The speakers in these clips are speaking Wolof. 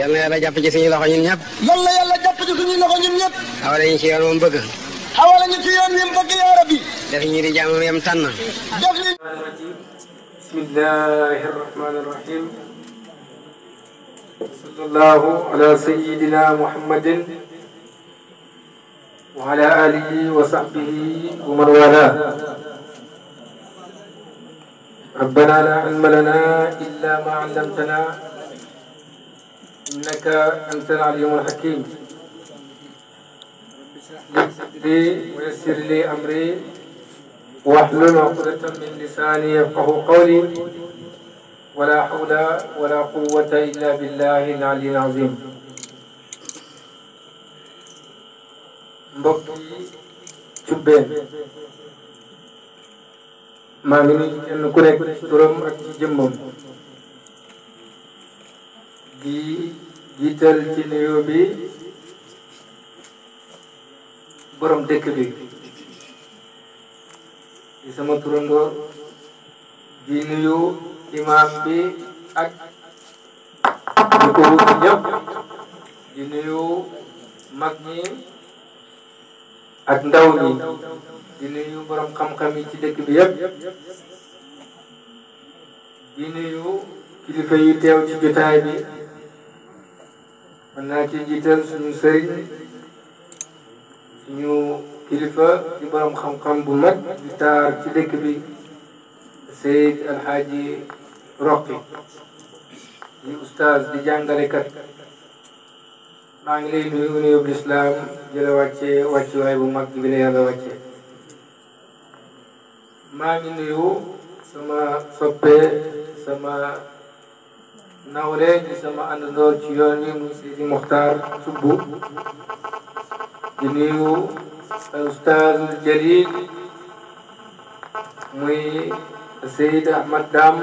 yal na yàlla jàpp ci suñuy loxo ñun ñëpp. yal na yàlla jàpp ci suñuy loxo ñun ñëpp. xawale ñu ci yoon moom bëgg. xawale ñu ci yoon yim bëgg yaa rabbi. def ñu di jàmm yam tànn. def li. bismillahi sallallahu ala sayyidina muhammadin. wa ala alihi wa sahbihi wa man ربنا لا علم لنا إلا ما علمتنا إنك أنت العليم الحكيم رب اشرح لي صدري ويسر لي أمري واحلل عقدة من لساني يفقه قولي ولا حول ولا قوة إلا بالله العلي العظيم mbokki cubbeen maa ngi nuyu kenn ku nekk ci turam ak ci jëmmam di jital ci nuyoo bi borom dekk bi di sama turandoo di nuyu imaam bi ak ñu ko wut ñëpp di nuyu mag ñi ak ndaw ñi di nuyu borom xam-xam yi ci dekk bi yëpp di nuyu kilifa yi teew ci jotaay bi mën naa ci jiital suñu sëriñ suñu kilifa ci borom xam-xam bu mag di taar ci dëkk bi Seyd Alxaaji Roqi di ustaaz di jàngalekat maa ngi lay nuyu nuyub lislaam jëla wàcce wàcce waay bu mag bi la yàlla wàcce maa ngi nuyu sama soppe sama nawle di sama àndandoo ci yoon yi muy Seydi Muxtaar Subbu di nuyu ustaazul jalil muy Seydi Ahmad Dam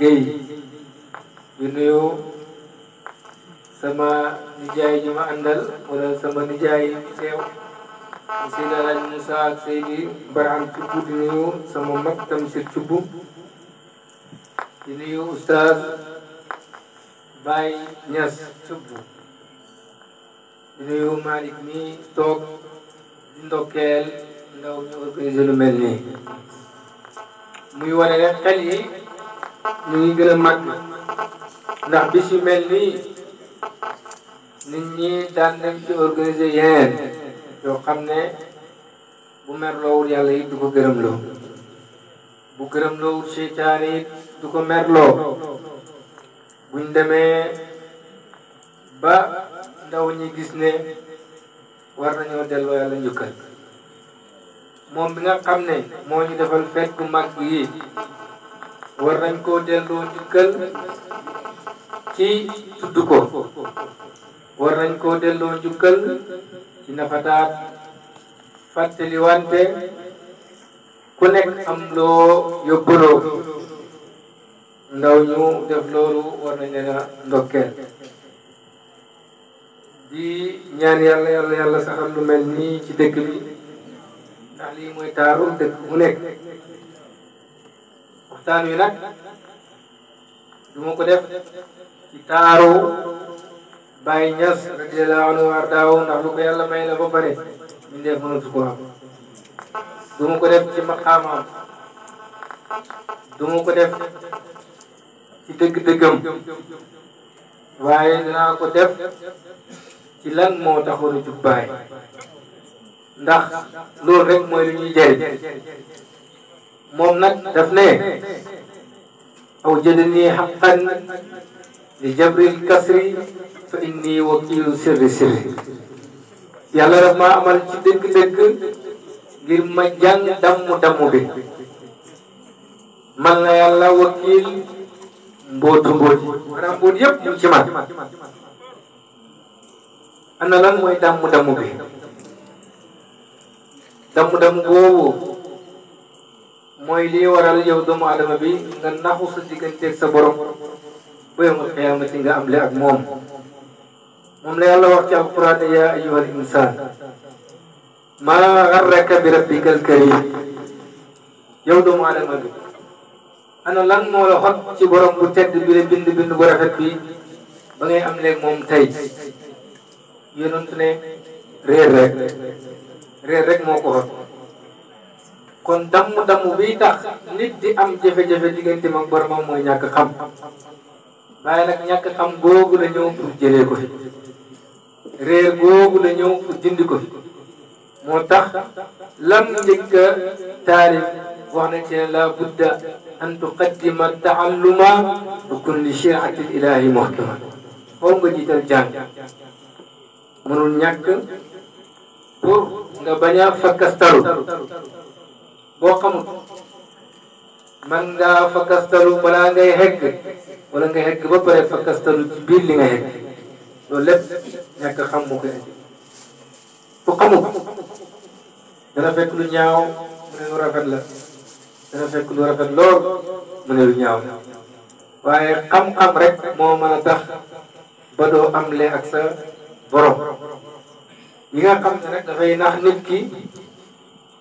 Guèye di nuyu sama nijaay ji ma àndal wala sama nijaay yi mu teew Seydi Alaaji Musa ak Seydi Barham Subbu di nuyu sama mag Tamsir Subbu di nuyu ustaaz Baye Niass subbu di nuyu Malick mi toog di ndokkeel ndaw ñu organisé lu mel nii muy wane xel yi ñu ngi gën a màgg ndax bis yu mel nii nit ñi daan nañ ci organisé yeneen yoo xam ne bu mer loowul yàlla it du ko gërëm loo bu gërëm loowul seytaane it du ko mer buñ demee ba ndaw ñi gis ne war nañoo delloo yàlla njukkal moom bi nga xam ne moo ñu defal fekk mag yi war nañ koo delloo njukkal ci tudd ko war nañ koo delloo njukkal ci nafataat fàttaliwante ku nekk am loo yóbbaloo ndaw ñu def loolu war nañ leen a ndokkeel di ñaan yàlla yàlla yàlla saxal lu mel nii ci dëkk bi ndax lii mooy taarum dëkk mu nekk waxtaan wi nag du ma ko def ci taaru Baye Niass radiyallahu anhu war daaw ndax lu ko yàlla may la ba pare ñu def mënatu ko am du ma ko def ci maqaamaam du ma ko def ci deug dëggam waye dina ko def ci lan mo taxoon ci bay ndax loolu rek moy li ñuy jëriñ mom nak daf ne aw jëlani haqqan li jabril kasri fa inni wakiilu sirri sirri yalla daf ma amal ci deug deug ngir ma jang damu damu bi man la yalla wakil mbootu mboot yi maanaam mboot yëpp mu mooy damm damm bi damm damm boobu mooy lii waral yow doomu adama bi nga naxu sa digganteeg sa borom ba yawmal qiyaamati nga am le ak moom moom la yàlla wax ci alquran ya ayyuhal insaan maa garraka bi rabbikal karim yow doomu adama bi ana lan moo la xot ci borom bu tedd bi la bind bind bu rafet bi ba ngay am léegi moom tey yonent ne réer rek réer rek moo ko xot kon damm-damm biy tax nit di am jafe-jafe digganteem ak boromam mooy ñàkk xam waaye nag ñàkk xam googu la ñëw pour jëlee ko fi réer googu la ñëw pour dindi ko fi moo tax lam njëkk a taalif wax na ci ne la budda an tuqaddima taalluma bi kulli shiraati ilahi muhkama foog nga jiital jàng mënul ñàkk pour nga bañ a fakkastalu boo xamul man ngaa fakkastalu balaa ngay hegg wala nga hegg ba pare fakkastalu ci biir li nga hegg loolu lépp ñàkk xam mu ko indi ku xamul dana fekk lu ñaaw mu lu rafet kan la dana fekk lu rafet kan lool mu ne lu ñaaw waaye xam-xam rek moo mën a tax ba doo am lee ak sa borom yi nga xam ne nag dafay nax nit ki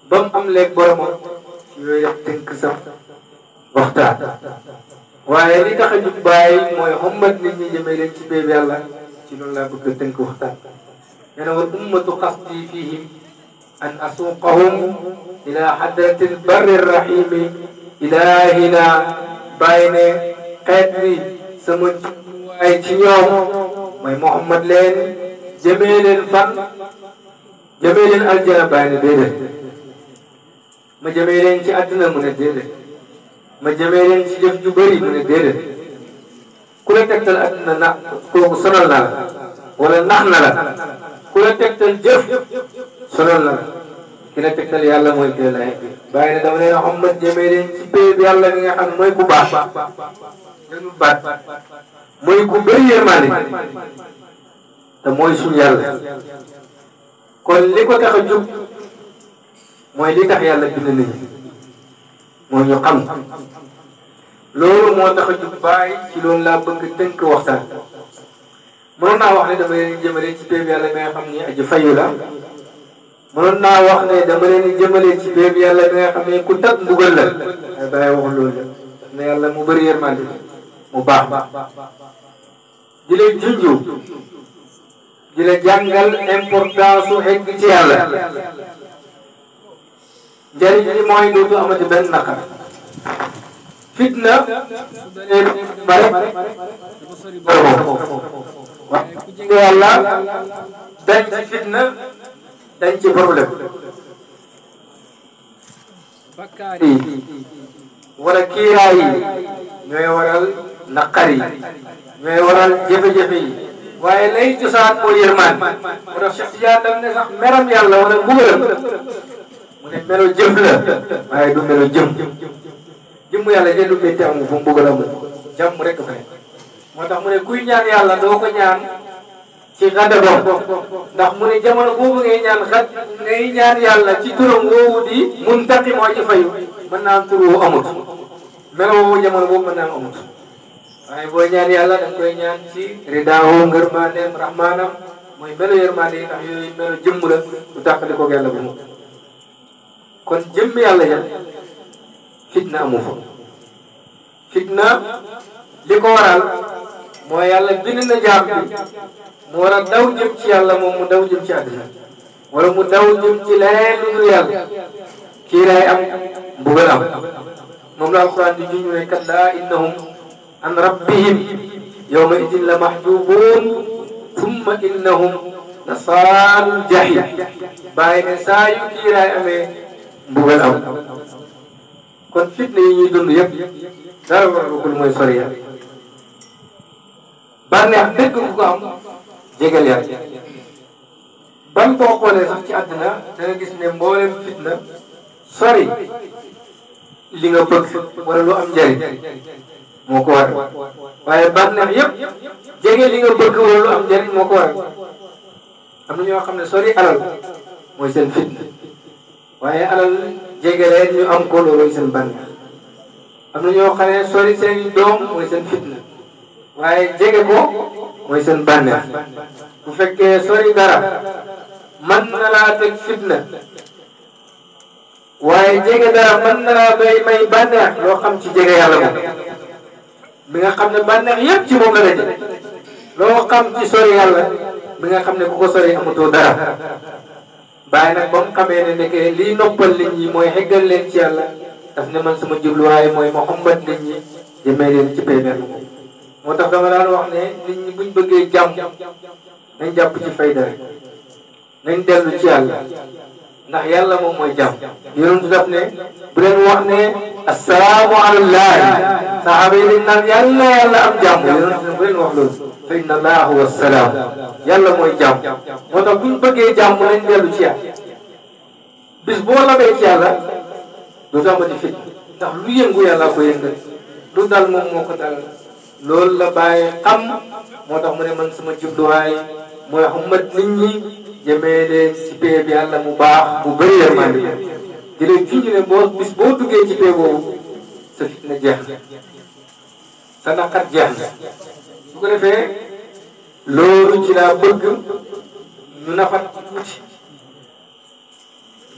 ba am leeg boromam yooyu yëpp tënk sa waxtaan waaye li tax a jug bàyyi mooy xommat nit ñi jëmee leen ci béeb yàlla ci loolu laa bëgg a tënk waxtaan nee na wa ummatu qasdi أن أسوقهم إلى حضرة البر الرحيم إلهنا بين قدري سمج أيتيهم مي محمد لين جميل الفن جميل الجنة بين ديده ما جميلين ci àddina mu ne déedé ma jëmee ci jëf ju bëri mu ne déedéet ku la tegtal àddina na kooku sonal na la wala nax na la ku la tegtal jëf sonal la ki la tegtal yàlla mooy ki la lay bàyyi ne dama leen a xommat jëmee leen ci péeb yàlla mi nga xam mooy ku baax gënu baat mooy ku bëri yërmaane te mooy suñu yàlla kon li ko tax a mooy li tax yàlla bind nit ñi moo ñu xam loolu moo tax a jóg bàyyi ci loolu laa bëgg tënk waxtaan mënoon naa wax ne dama leen jëmale ci péeb yàlla mi nga xam ni aji fayu la mënoon naa wax ne dama leen di jëmale ci béeb yàlla bi nga xam ne ku tag mbugal la ay bàyyi waxul loolu ne mu baax di la junju di jàngal importance su egg ci yàlla njëriñ li mooy dootu amati benn naqar fitna dañuy bare waaye ku jege yàlla dañ ci fitna dañ ci problème bakkaar yi wala kiiraay yi ñooy waral naqar yi ñooy waral jafe-jafe yi waaye lay cosaan mooy yërmaan mu def Cheikh Tidiane daf ne sax meram yàlla wala mbugalam mu ne melo jëf la waaye du melo jëm jëmm yàlla jël lu métti amul fu mbugalam jàmm rek fa moo tax mu ne kuy ñaan yàlla doo ko ñaan ci xadda boobu ndax mu ne jamono boobu ngay ñaan xat ngay ñaan yàlla ci turam woowu di muntaqi moo ci fayu mën naa am amut melo woowu jamono boobu mën naa amut waaye booy ñaan yàlla da koy ñaan ci ridaawu ngërmaaneem rahmaanam mooy melo yërmaane ndax yooyu melo jëmm la du tàqali ko yàlla bu kon jëmm yàlla ya, fitna amu fa fitna li waral mooy na bi mu war a ci yàlla moom mu daw jëm ci àddina wala mu daw jëm ci leneen lu dul yàlla kii raay am mbugal am moom la alquran di juñu ne kalla innahum an rabbihim yawma idin la mahjubuun thumma innahum la saalul jahim bàyyi ne saa yu kii raay amee mbugal am kon fitna yi ñuy dund dara war a mooy sori yàlla jege leer ban koo xoolee sax ci àddina da nga gis ne mboolem fitna sori li nga bëgg wala lu am njëriñ moo ko waral waaye bànneex yëpp jege li lu am njëriñ moo ko waral na ñoo xam ne sori alal mooy seen fitna waaye alal jege leen ñu am ko loolooy seen bànneex am na ñoo xam ne sori seen doom mooy seen fitna. waaye jege ko mooy seen bànneex bu fekkee sori dara mën na laa teg fitna waaye jege dara mën na laa bay may bànneex loo xam ci jege yàlla moom bi nga xam ne bànneex yëpp ci moom la daje bi nga xam ne ku ko sori amatoo dara bàyyi nag ba mu xamee ne nekkee liy noppal nit mooy xeggal leen ci yàlla daf leen ci pay moo tax dama daan wax ne nit ñi buñ bëggee jam nañ jàpp ci fayda rek nañ dellu ci yàlla nax yàlla moom mooy jàmm yonentu daf ne bu leen wax ne assalaamu alallahi saxaaba yi dañ naan yàlla yàlla am jàmm yonentu ne bu leen wax loolu fa inna allaha huwa assalaam yàlla mooy jàmm moo tax buñ bëggee jàmm nañ dellu ci yàlla bis boo labee ci yàlla du tàmbali fit ndax lu yëngu yàlla ko yëngal lu dal moom moo ko dal loolu la bàyyi xam moo tax mu ne man sama jubluwaay mooy xamat nit ñi jëmee leen si pee bi yàlla mu baax bu bëri yërmande di leen junj ne boo bis boo duggee ci pee boobu sa fitna jeex sa naqar jeex su ko defee loolu ci laa bëgg ñu nafat tuuti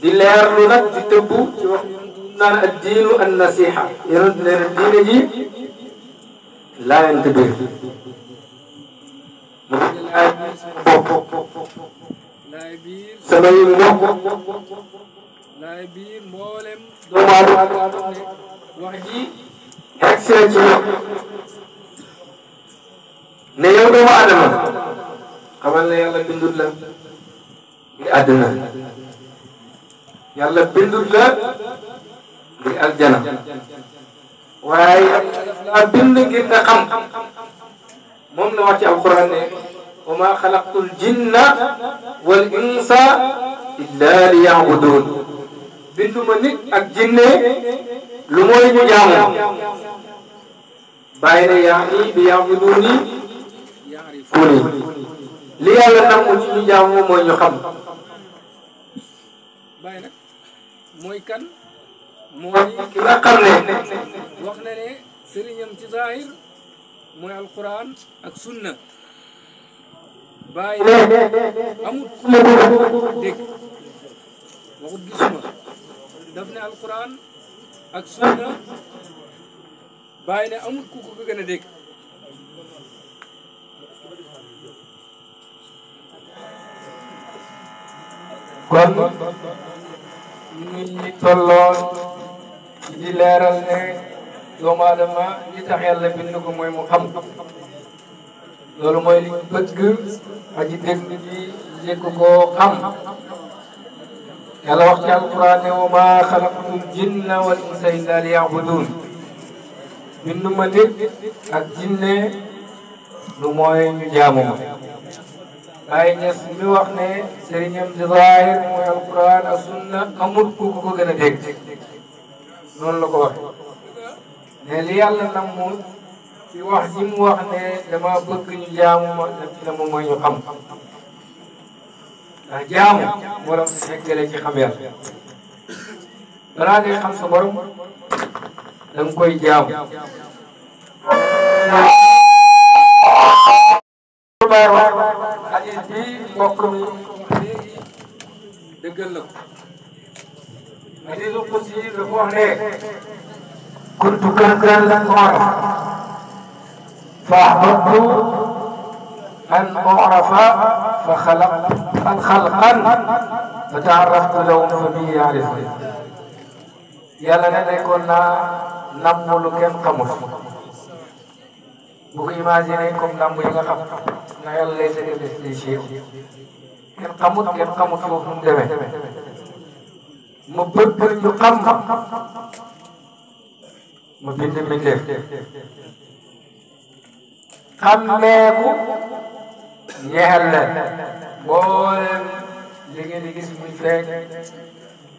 di leerlu nag di tëbbu ci wax naan ad diinu an nasiha yonent nee na diine ji laayante biir mu biir sama bopp laay biir biir mboolem doomu aadama wax ji egsee ci ne yow doomu aadama xamal ne yàlla bindut la ngir àddina yàlla bindut la aljana waaye laa bind ngir nga xam moom la wax ci alquran ne wa ma xalaqtul jinna wal insa illa li yaabudun binduma nit ak jinne lu mooy ñu jaamu bàyyi ne yaa nii bi yaabuduni kuni li yàlla namm ci ñu jaamu mooy ñu xam kan mooy ki nga xam ne wax na ne sëriñam ci zahir mooy alquran ak sunna bàyyi amut ku ma dégg waxut gisuma daf ne alquran ak sunna bàyyi ne amut ku ko gën a dégg di leeral ne doomu aadama li tax yàlla bind ko mu xam loolu mooy li bëgg aji dégg bi njëkk koo xam yàlla wax ci alquran ne wa maa xalaqtul jinna wal insa illa liya'budun bindu ma ak jinne lu mooy ñu jaamu ma Baye mi wax ne sëriñam di zaahir mooy alquran ak sunna amul ku ko gën a dégg noonu la ko wax mais li yàlla namm ci wax ji mu wax ne dama bëgg ñu jaamu ma daf ci namm mooy ñu xam ndax jaamu borom seggale ci xam yàlla balaa ngay xam sa borom da nga koy jaamu baay wax hadis bi mbokk mi dëggal la ko كنت كنزلا اعرف فاحببت ان اعرف فخلقت ان خلقا فتعرفت لهم فبي يعرفني يلا لدي كنا نمول كم قمص بغي ما جنيكم نمو يلا خف ليس كم قمص كم قمص وهم دمه mu bëgg ñu xam mu bind xam xammeeku ñeexal leen mboolem li ngeen di gis muy feeñ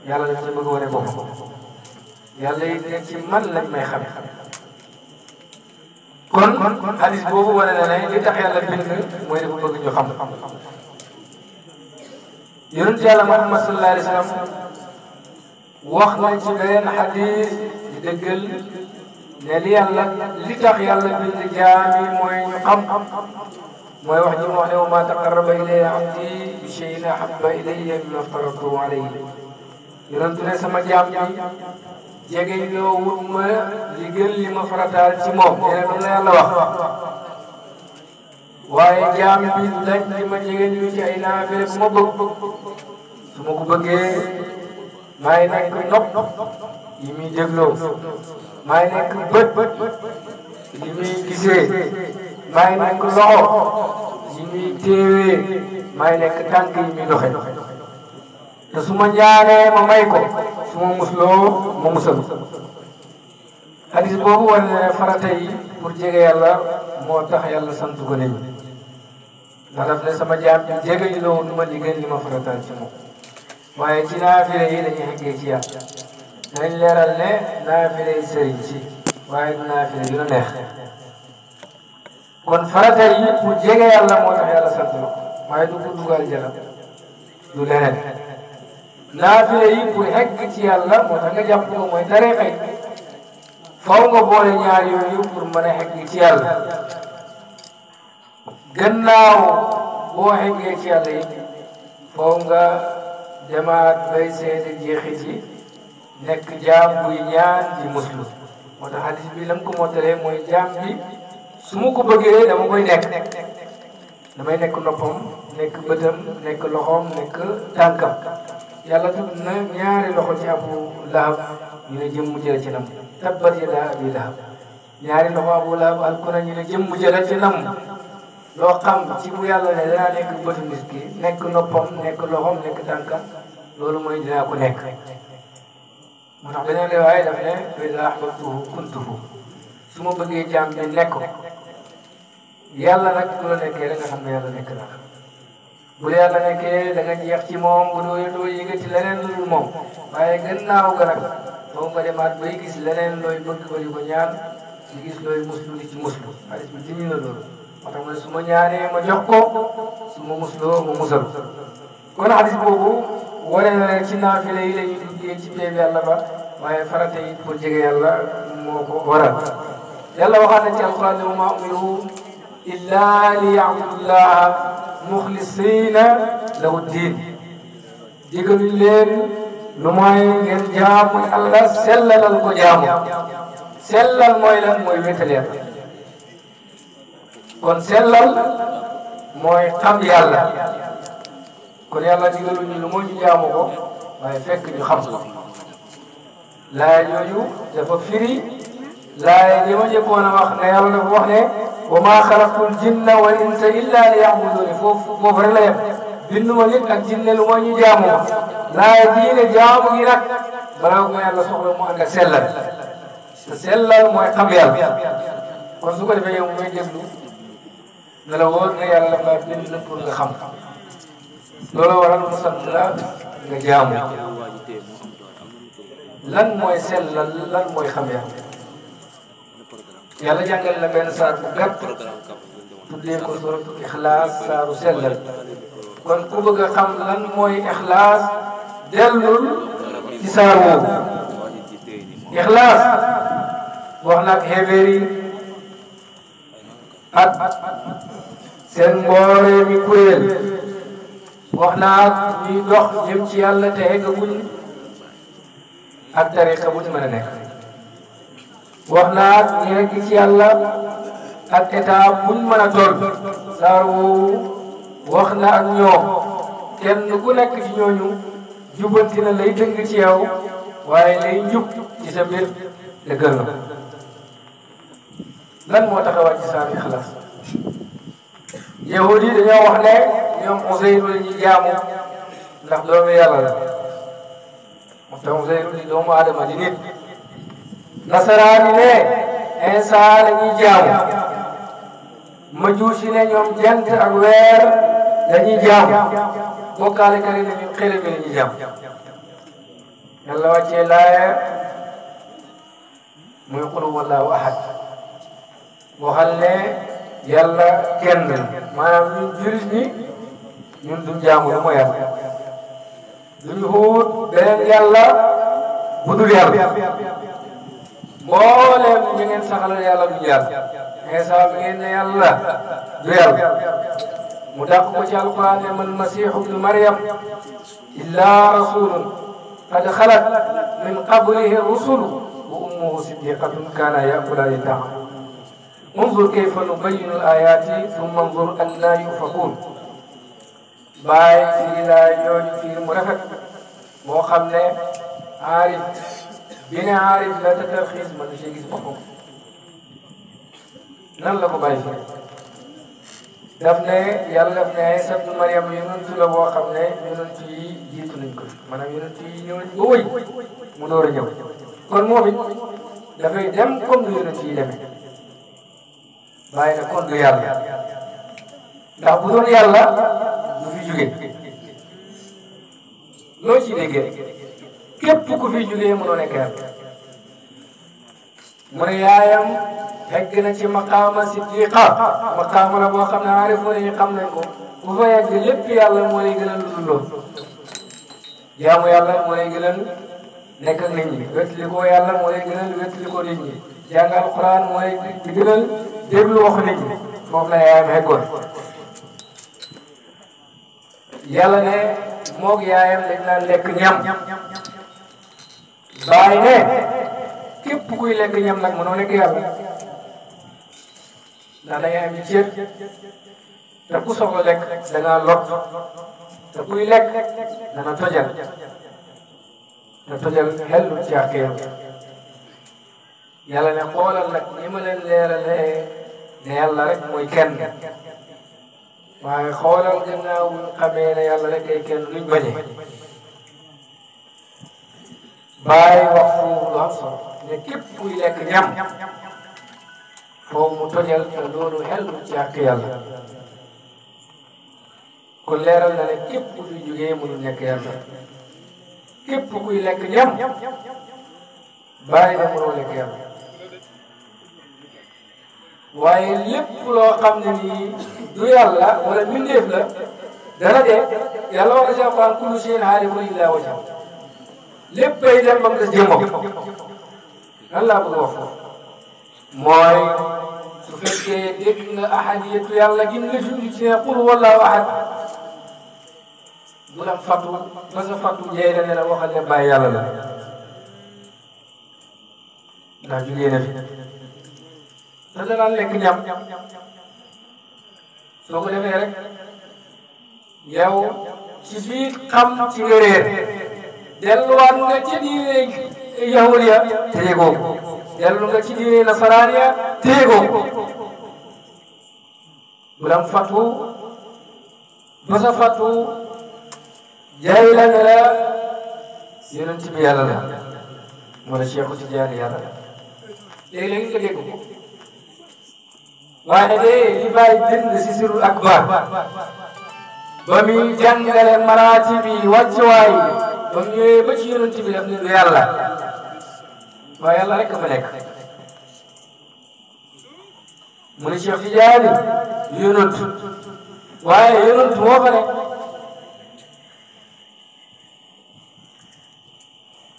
yàlla daf ci bëgg wane boppam yàlla it ne ci man lañ may xam kon xadis boobu wane na ne li tax yàlla bind mooy dafa bëgg ñu xam yonent yàlla Muhammad sallallahu alayhi wa sallam واخنا ci benn xadis dëggal ne li yàlla li tax yàlla bind jaami mooy ñu xam mooy wax ji mu wax ne wa ma taqarraba ilayya abdi bi shay'in ahabba ilayya mimma aftaratu alayhi yonentu ne sama jaam bi jege ñoo wut ma li gën li ma farataal ci moom nee na la yàlla wax waaye jaam bi dañ ci ma jege ñu ci ay naafee bu ma bëgg su ma ko bëggee maay nekk nopp yi muy dégloo maay nekk bët yi muy gisee maay nekk loxo yi muy téewee maay nekk tànk yi muy te su ma ñaanee ma may ko su ma musloo ma musal hadis boobu war farata yi pour jege yàlla moo tax yàlla sant ko nañ ndax daf ne sama jaam jege ñu la woon liggéey li ma farataal ci moom waaye ci naafile yi la ñuy xëggee ci yàlla dañ leeral ne naafile yi sëriñ si waaye du naafile yu la neex kon farata yi bu jege yàlla moo tax yàlla sant la waaye du ko dugal jëlam du leneen naafile yi bu xëgg ci yàlla moo tax nga jàpp mooy tariqa yi faw nga boole ñaar yooyu pour mën a xëgg ci yàlla gannaaw boo xëggee ci yàlla yi faw nga jamaat lay seede jeexi ci nekk jaam buy ñaan di muslu moo tax xadis bi lam ko tere mooy jaam bi su ma ko bëggee dama koy nekk damay nekk noppam nekk bëtam nekk loxoom nekk tànkam yàlla tudd na ñaari loxo ci abu lahab ñu ne jëm mu jëla ci nam tabbat yadaa abi lahab ñaari loxo abu lahab alkuna ñu ne jëm mu jëla ci nam loo xam ci bu yàlla ne danaa nekk bëtu nit ki nekk noppam nekk loxoom nekk tànkam दोनों में जना को देख मुनाफिना ले आए अपने फिजा हबतु कुंतु सुमो बगे जाम ने लेको yalla nak ko ne ke nga xam ne yalla nek na bu yalla nekké da nga jeex ci mom bu do do yëgëti leneen lu mom waye gën naaw ga nak bo nga demaat bay gis leneen loy bëgg ko ko ñaan ci gis loy muslu ci muslu hadith bi dimi na lolu motax mo suma ñaané ma jox ko suma muslo mo musalu kon xadis boobu wane na ne ci naafile yi la ñuy duggee ci péeb yàlla ba waaye jege yàlla moo ko waral yàlla waxaat na ci alquran ne wama umiru illa li yaabudullaha muxlisina lahu diin digaluñ leen lu mooy ngeen jaamu yàlla sellalal ko jaamu sellal mooy lan mooy wéetal yàlla kon sellal mooy xam yàlla kon yàlla digalu lu mooy ñu jaamu ko waaye fekk ñu xam ko laay yooyu dafa firi laay li ma njëkkoon a wax ne yàlla dafa wa maa xalaqtul jinna wal insa illa li yaabuduuni foofu foofu rek la yem binduma nit ak jinne jaamu laay diine jaamu gi nag balaa ko yàlla soxla mu ànd ak sellal te sellal kon su ko defee yow mooy déglu la wóor ne yàlla dafa bind pour nga xam looloo waral mu sant la nga jaamu lan mooy sellal lan mooy xam yàlla yàlla jàngal la benn saar bu gàtt tuddee ko ixlaas saaru sellal kon ku bëgg a xam lan mooy ixlaas dellul ci ixlaas wax naag xeebeer yi ak mi kuréel wax naa ñuy dox jëm ci yàlla te eggaguñ ak tariqa bu ci mën a nekk wax naa ñu egg ci yàlla ak état buñ mën a toll saar woowu wax na ak ñoom kenn ku nekk ci ñooñu jubbanti na lay dëng ci yow waaye lay njub ci sa mbir dëggal na lan moo taxawaat ci xalaas yahud yi dañoo wax ne ñoom Uzayr la ñuy jaamu ndax doomu yàlla la moom tam Uzayr di doomu aadama di nit nasaraan ne Insa la jaamu majuus yi ne ñoom jant ak weer la ñuy jaamu kari ne ñun xëy bi jaamu yàlla wàccee laaya muy qul wallahu ahad waxal ne yalla kenn manam ñu jullit ni ñun du jaamu lu ma yàlla ñu hoot beneen yalla bu dul yàlla mbooleem ñu ngeen saxalal yàlla duñ yàlla Iisaa mi ngeen ne yalla du yalla mu dàq ko ci alquran ne man masih ibn Maryam illa rasulun qad khalat min qablihi rusul wa ummuhu siddiqatun kana ya'kulu al taam انظر كيف نبين الآيات ثم انظر أن لا يفهمون bàyyi fii laa jooju fii mu rafet moo xam ne aarif bi ne aarif la te tarxiis mën na see gis boppam nan la ko bàyyi fii daf ne yàlla daf ne Iisaa ibnu Maryam yonent la boo xam ne yonent yi jiitu nañ ko maanaam yonent yi ñëw nañ ba wëy mu door a ñëw kon moom it dafay dem comme yonent yi demee waaye nag kon du yàlla ndax bu doon yàlla du fi loo ci déggee képp ku fi jógee mënoo nekk yàlla mu ne yaayam yegg na ci maqaama siddiqa maqaama la boo xam ne aarifoon yi xam nañ ko bu fa yegg lépp yàlla moo lay gënal lu dul jaamu yàlla moo lay gënal nekk ak ñi wétli yàlla moo lay gënal wétli ko nit ñi jàngal Quraan moo lay gënal yëglu wax nit ñi moom la yaayam xeggoon yàlla ne moog yaayam dañ naan lekk ñam bàyyi ne képp kuy lekk ñam nag mënoo nekk yàlla ndax da ngay am ceeb te ku soxla lekk da ngaa lot te kuy lekk dana tojal te tojal xellu ci ak yam yàlla ne xoolal nag ni ma leen leeralee ne yàlla rek mooy kenn waaye xoolal gannaaw bu ñu xamee ne yàlla rek ay kenn duñ bañe bàyyi wax foofu lu am solo ne lekk ñam foofu mu tojal te loolu xel du yàlla ku leeral na ne képp ku fi jógee mënu nekk yàlla képp kuy lekk ñam bàyyi na mënoo lekk yàlla waaye lépp loo xam ne nii du yàlla wala mbindeef la dana dee yàlla wax na si alquran kullu shay'in haalikun illaa wajhah lépp ay dem ba mu des jëmmam lan laa bëgg wax mooy su fekkee dégg nga ahadiyatu yàlla gin la junj ci ne qul wallaahu ahad bu la fàttu ba sa fàttu jeey la ne la waxal ne bàyyi yàlla la ndax jugee na fi te danaan lekk ñam soo ko defee rek yow ci biir xam ci nga réer delluwaat nga ci diine yahud ya téegoo dellu nga ci diine nasaraan ya téegoo bu dam fatu ba sa fatu jaay la ne la yonent bi yàlla la wala Cheikh Tidiane yàlla la léegi-léegi nga dégg ko waaye de li bàyyi bind si sirul akbar ba muy jàngale maraati bi wàccuwaay ba mu ñëwee ba ci yonent bi daf ne du yàlla waaye yàlla rek fa nekk mu ne Cheikh Tidiane yonent waaye yonent moo fa nekk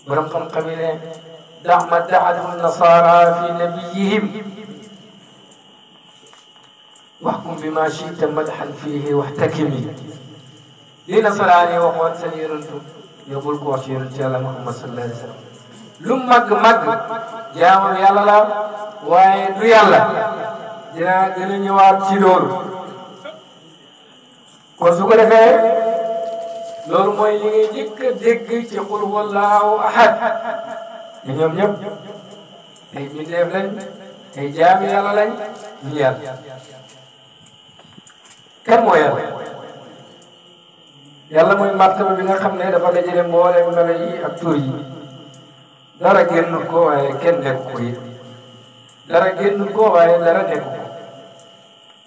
borom xam-xam yi ne dax ma daxat nasara fi nabiyihim waxkum bi ma chita madhan fiihi waxtakimi li nasaraan yi waxoon seen wax ci yonantu yàlla Muhammad sallallahu alayhi wa sallam lu màgg la waaye du a ci loolu kon su ko defee loolu mooy li ngay njëkk a dégg ci qul lañ ay jaami kan moo yàlla yàlla mooy martaba bi nga xam ne dafa dajale mboolem melo yi ak tur yi dara génn ko waaye kenn nekk ko dara génn ko waaye dara nekk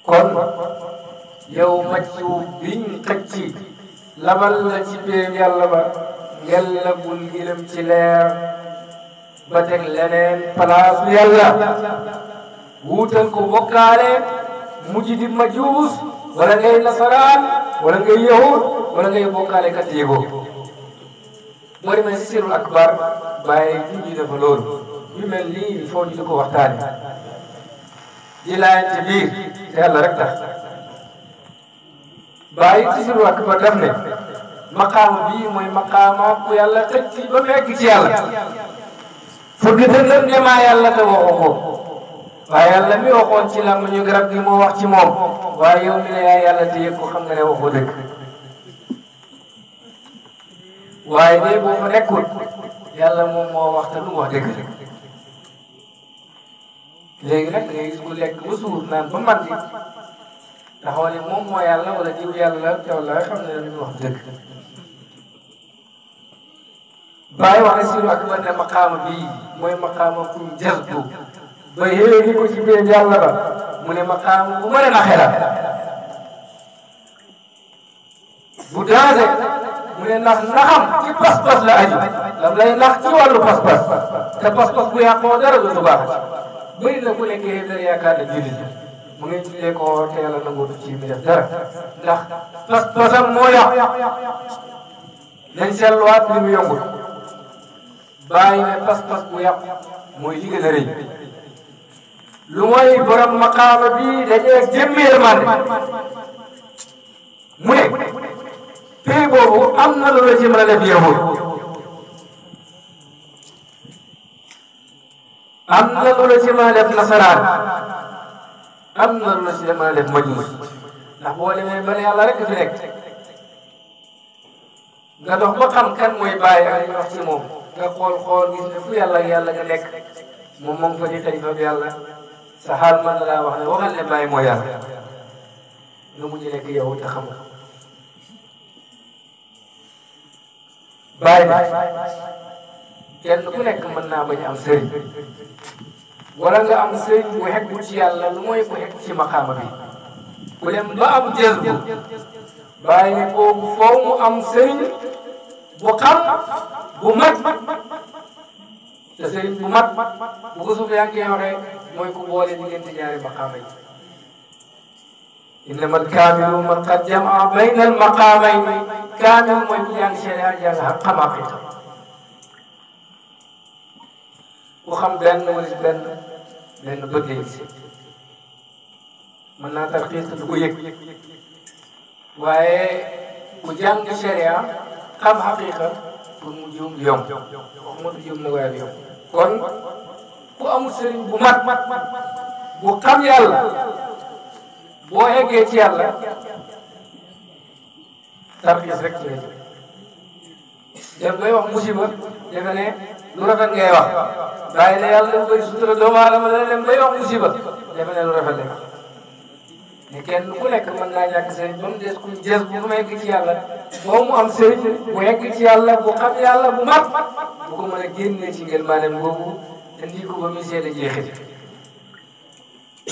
kon yow maccu biñ xëcc labal la ci biir yàlla ba ngel la bul gëlëm ci leer ba teg leneen place yàlla wuutal ko bokkaale mujj di majuus wala ngay nasaraan wala ngay yahud wala ngay bokkaale kat yéegoo boo demee si sirul akbar bàyyi junj dafa loolu yu mel nii il faut ñu di ko waxtaane di laayante biir te yàlla rek tax bàyyi ci sirul akbar daf ne maqaama bii mooy maqaama ku yàlla tëj ci ba mu egg ci yàlla. pour que dëgg ne maa yàlla te waxoo ko. waaye yàlla mi waxoon ci làmm ñu garab gi moo wax ci moom waaye yow mi ne yaa yàlla te yëg ko xam nga ne waxoo dëgg waaye day boo fa nekkul yàlla moo wax te lu wax nag ngay gis ku lekk ba naan ba mandi taxaw ne moom moo yàlla wala jiw yàlla taw la xam ne lu ñu wax dëgg bàyyi wax ne sinu ak mën ne maqaama bii mooy maqaama pour jël ba yéegi ko ci biir yàlla ba mu ne ma xaam bu mën a naxeral bu daase mu ne ndax naxam ci pas-pas la aju daf lay nax ci wàllu pas-pas te pas-pas bu yàqoo dara na ku nekk yéen dara yaakaar ne jullit mu ngi tuddee ko te yàlla nanguutu ci mu def dara ndax pas-pasam moo yàq nañ seetluwaat li mu yëngu bàyyi ne pas-pas bu yàq mooy li gën a lu mooy borom maqaama bi dajeeg jëmmi yërmande mu ne pay boobu am na lu la ci mën a def am na lu la ci mën a def nasaraan na a def boo demee ba ne yàlla rek fi nekk nga dox ba xam kan mooy bàyyi ak ñu wax moom nga xool xool gis fu yàlla yàlla nga nekk moom moom fa di xalifa bi yàlla saxaar man laa wax ne waxal ne maay mooy yàlla nga mujj nekk yow te xamu bàyyi kenn ku nekk mën naa bañ am sëriñ wala am sëriñ bu xeggu ci yàlla lu mooy bu xeggu ci maxaama ku dem ba am jël bu bàyyi ne kooku foo mu am sëriñ bu xam bu mat te sëriñ bu mat bu ko suuf yaa ngi koy mooy ku boole diggante ñaari maqaama yi innama alkaamilu man qad jamaa bayna almaqaamayn kaamil mooy ku jàng sharia jàng xam aqiida ku xam benn wala benn benn bëggee si mën naa tarxiis du ko yëg waaye ku jàng sharia xam xaqiqa pour mu juum yomb waxuma du juum na waaye yomb kon ku amul sëriñ bu mat bu xam yàlla boo eggee ci yàlla tarxiis rek ci lay def ngay wax musiba defe ne lu rafet ngay wax ne yàlla dafa bëri sutura doomu aadama dana bay wax musiba defe ne lu rafet lay wax ne kenn ku nekk mën naa ñàkk sëriñ ba mu des ku des bu mu egg ci yàlla moom mu am sëriñ bu egg ci yàlla bu xam yàlla bu mat bu ko mën a génne ci ngeen maanem boobu te diir ko ba muy seede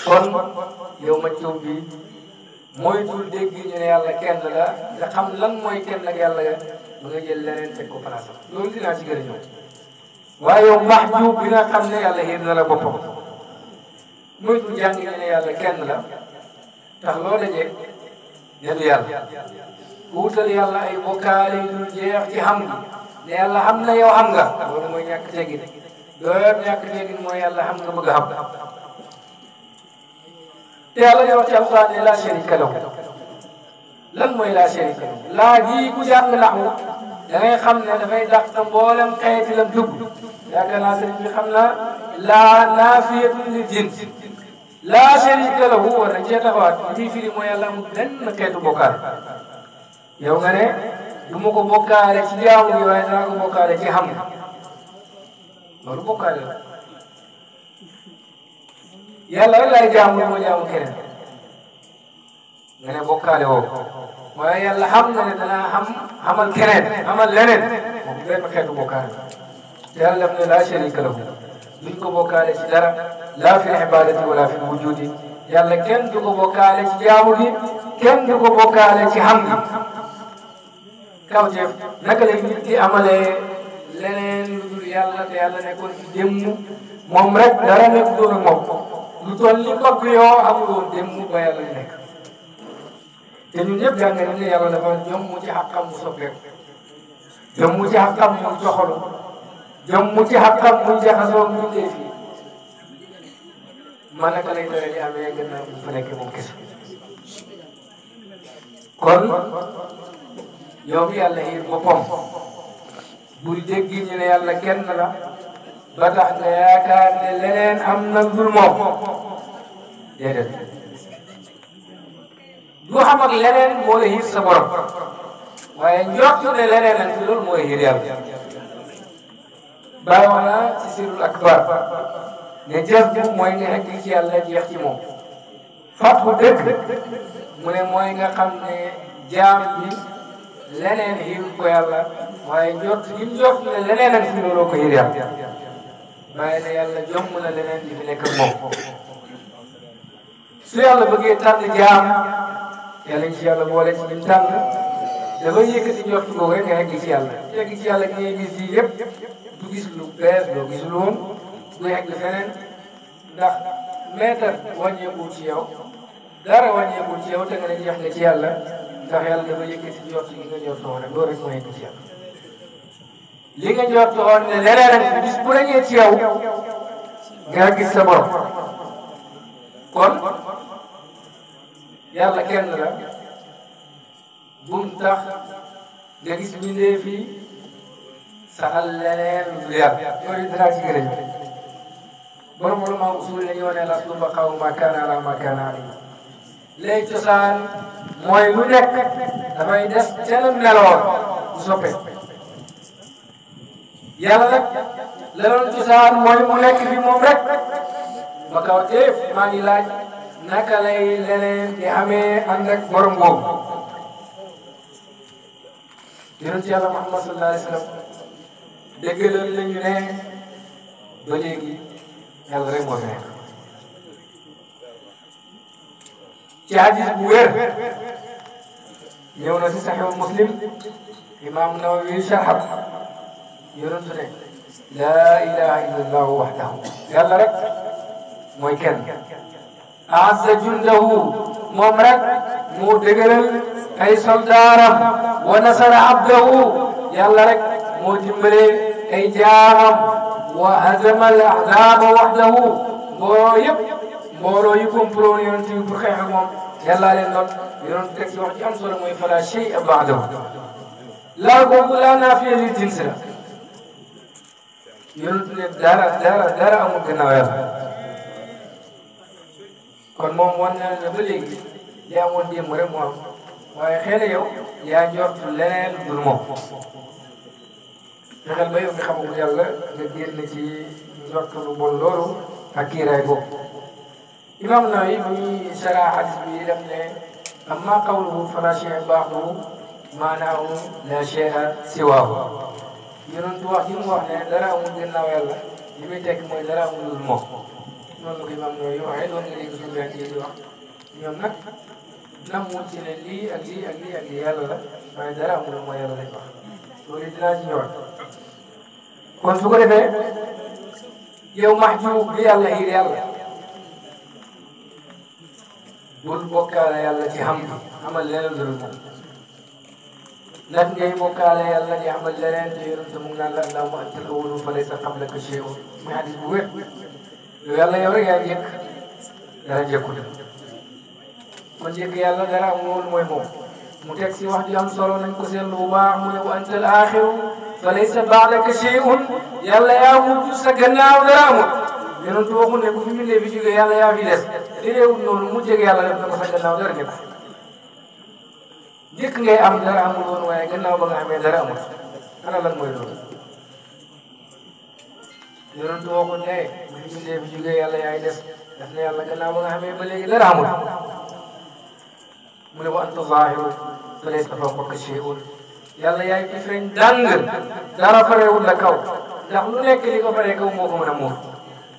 kon yow ma cëw bi moytul dégg ñu ne yàlla kenn la nga xam lan mooy kenn yàlla ba nga jël leneen teg ko palaasam loolu dinaa ci gën a waaye yow mahjuub bi nga xam ne yàlla xiir na la boppam moytul jàng ñu ne yàlla kenn la tax loo dajee ne du yàlla wuutal yàlla ay bokkaale yu dul jeex ci xam ne yàlla xam na yow xam nga loolu mooy ñàkk teggin yooyu yëpp ñàkk léegi mooy yàlla xam nga bëgg a te yàlla di wax ci alquran ne laa sharika lahu lan mooy laa sharika lahu laa jii ku jàng naxu da ngay xam ne dafay dàq sa mboolem xeeti laa naafiyatun lil jins laa cee taxawaat li muy firi mooy yàlla amul benn xeetu bokkaar yow nga ne du ma ko bokkaale ci jaamu bi waaye danaa ko bokkaale ci xam loolu bokkaale la yàlla rek laay jaamu moo jaamu keneen nga bokkaale woo waaye yàlla xam na ne danaa xam xamal keneen xamal leneen moom benn xeetu bokkaale la yàlla def ne laa sharika lahu duñ ko bokkaale ci dara laa fi ibaadati wala fi kenn du bokkaale ci jaamu gi kenn du bokkaale ci xam gi kaw teef naka la nit di amalee leneen yàlla te yàlla nekkoon ci démb moom rek dara nekk doon ak moom lu toll ni mbokk yoo amul woon démb ba yàlla nekk te ñun ñëpp jàng nañ ne yàlla dafa jom mu ci xàqam mu soppeeku jom mu ci xàqam muy joxalu jom mu ci xàqam muy jaxasoo mu dee fii ma naka lay tere di amee gën a mu fa nekk moom kese kon ñoom yàlla yi boppam bul dégg ñu ne yàlla kenn la ba tax nga yaakaar ne leneen am na dul moom déedéet du xam ak leneen moo la xiir sa borom waaye njortu ne leneen ak loolu moo xiir yàlla bàyyi wax na ci sirul akbar ne jëf mooy nga xekk ci yàlla jeex moom fàttu dëgg mu ne mooy nga xam ne jaam bi leneen yiw ko yàlla waaye njort yi mu njort ne leneen ak suñu waroo ko yëriñ bàyyi na yàlla jomm na leneen li fi nekk ak moom su yàlla bëggee tànn jaam yàlla ñu ci yàlla boole ci ñun tànn dafay yëkkati njort googu rek nga egg ci yàlla egg ci yàlla gi ngay gis yii yëpp du gis lu bees loo gisul woon du egg feneen ndax meetar wàññeeku ci yow dara wàññeeku ci yow te nga ne jeex nga ci yàlla ndax yàlla dafa yëkkati njort li nga njort woon rek loolu rek moo nekk ci yow li nga njort woon ne leneen rek bis bu la ñëwee ci yow nga gis sa borom kon yàlla saxal leneen lu yàlla loolu danaa ci gën a ñëw ñoo ne la suba xaw ma kaana la ma kaana lay cosaan mooy lu nekk dafay des ca la meloon bu soppee yàlla nag la doon mooy mu nekk fi moom rek ba maa ngi laaj naka lay leneen di amee ànd ak borom boobu yonent yàlla Muhammad sallallahu alayhi wa sallam ñu ne ba léegi yàlla rek moo ci hadis bu wér ñëw na si saxihu muslim imam nawawi sharhab yonentu ne laa ilaha illallah wahdahu yàlla rek mooy kenn azza jundahu moom rek mu dëgëral ay soldaaram wa nasara abdahu yàlla rek moo dimbale ay jaamam wa hazama al ahzaaba wahdahu boo yëpp mbooloo yu complot yonent yi pour xeex ak moom yàllaa leen lot yonent teg ci wax ci am solo mooy fala shay ba'dahu laa googu laa naafiya li jins la yonent ne dara dara dara amul gannaaw yàlla kon moom wan na la ba léegi li amoon démb rek moo am waaye xëy na yow yaa njort leneen dul moom fexeel ba yow mi xamagul yàlla nga génn ci njort lu bon loolu ak kiiraay boobu imam Nawawi bi sara hadis bi def ne amma qawluhu fala shay'a ba'dahu maanaahu la shay'a siwaahu yonent wax ji mu wax ne dara amul gannaaw yàlla li muy tekk mooy dara amul lu moom noonu la ko imam Nawawi waxee loolu nga dégg suñu benn wax ñoom nag namul ci ne lii ak lii ak lii ak lii yàlla la mooy yàlla lañ wax loolu dinaa ci ñëwaat kon su ko defee yow mahjuub bi bul bokkaale yàlla ci xam amal leneen lu moom lan ngay bokkaale yàlla di amal leneen te yonent mu ngi naan la allahumma antal awwalu fa laysa qablaka shay'un muy hadis bu wér yow yàlla yow rek yaa njëkk dara njëkkul kon njëkk yàlla dara amul mooy moom mu teg si wax ju am solo nañ ko seetlu bu baax mu ne wa antal axiru fa laysa ba'daka shay'un yàlla yaa mujj sa gannaaw dara amul yonent bi waxul ne bu fi mbindee bi jógee yàlla yaa fi des déréewul noonu mu jege yàlla ngay am dara waaye gannaaw ba nga amee dara amul ne bu fi mbindee bi jógee yàlla yaay des def a yàlla gannaaw ba nga amee ba léegi dara amul mu ne wa anta zaahirun falaysa fawqaka dara farewul la kaw ndax lu nekk li ko faree kaw moo ko mën a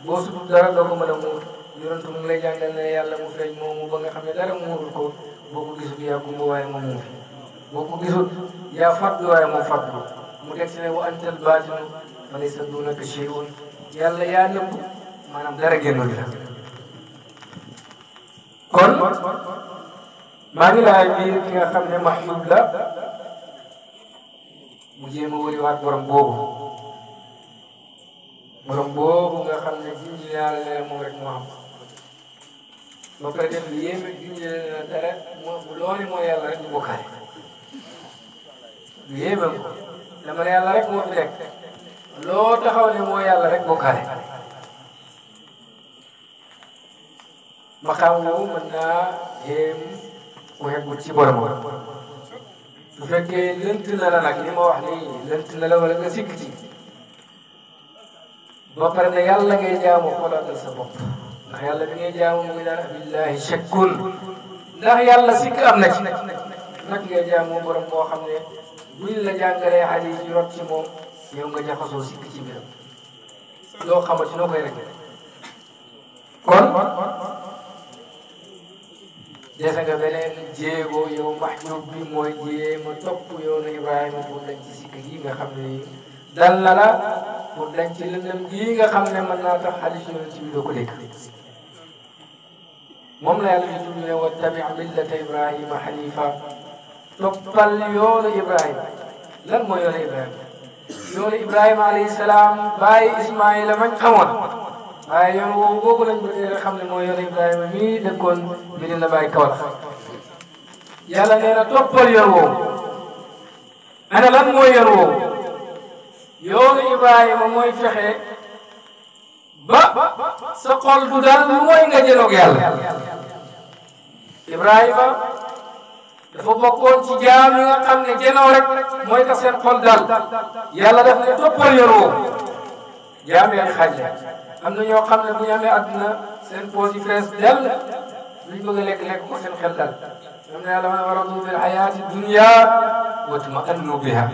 boo sudul dara doo ko mën a muur mu ngi ne yàlla mu feeñ moomu ba nga xam ne dara muurul ko boo ko gisul yaa gumba waaye moom muur boo ko gisul yaa fàttali waaye moom fàttali mu teg si ne wa antal baatinu fa laysa duunaka shay'un yàlla yaa nëbb maanaam dara génnul la kon maa ngi laaj biir nga xam ne mahjub la mu jéem a wëriwaat borom boobu borom boobu nga xam ne junj yàlla moom rek moo am ba pare def lu yéeme junj yàlla dara moo loolu mooy yàlla rek ñu bokkaale lu yéeme ko dama ne moo fi nekk loo taxaw ne mooy yàlla naa jéem ku xeggul ci boromam bu fekkee lënt na la nag li ma wax nii lënt na la wala nga sikk ci ba pare ne yàlla ngay jaamu xoolaatal sa bopp ndax yàlla bi ngay jaamu mu ngi naan billahi shakkun ndax yàlla sikk am na ci nag ngay jaamu borom boo xam ne buñ la jàngalee xadiis yi rot ci moom yow nga jaxasoo sikk ci biiram loo xamati noo koy régler kon dese nga beneen jéego yow mahjub bi mooy jéema topp yoonu Ibrahima bu dañ ci sikk yi nga xam ne dalla la pour denc lëndëm gii nga xam ne mën naa tax xadis yonent bi doo ko dégg moom la yàlla di tudd ne wa tabi millata Ibrahima xanifa toppal yoonu Ibrahima lan mooy yoonu Ibrahima yoonu Ibrahima alayhi salaam bàyyi Ismaayila mañ xamoon waaye yoon woowu boobu lañ bëgg xam ne mooy yoonu Ibrahima mii dëkkoon bi dina bàyyi kawal yàlla nee na toppal yoon woowu ana lan mooy yoon woowu yoonu Ibrahima mooy fexe ba sa xol du dal mooy nga jëloog yàlla Ibrahima dafa bokkoon ci jaam yi nga xam ne jëloo rek mooy ka seen xol dal yàlla daf ne toppal yoroo jaam yaa xaj am na ñoo xam ne bu ñu amee àdduna seen poche yi fees dell luñ bëgg a lekk lekk seen xel dal am na yàlla man waradu bil hayaati dunya wa tma'annu biha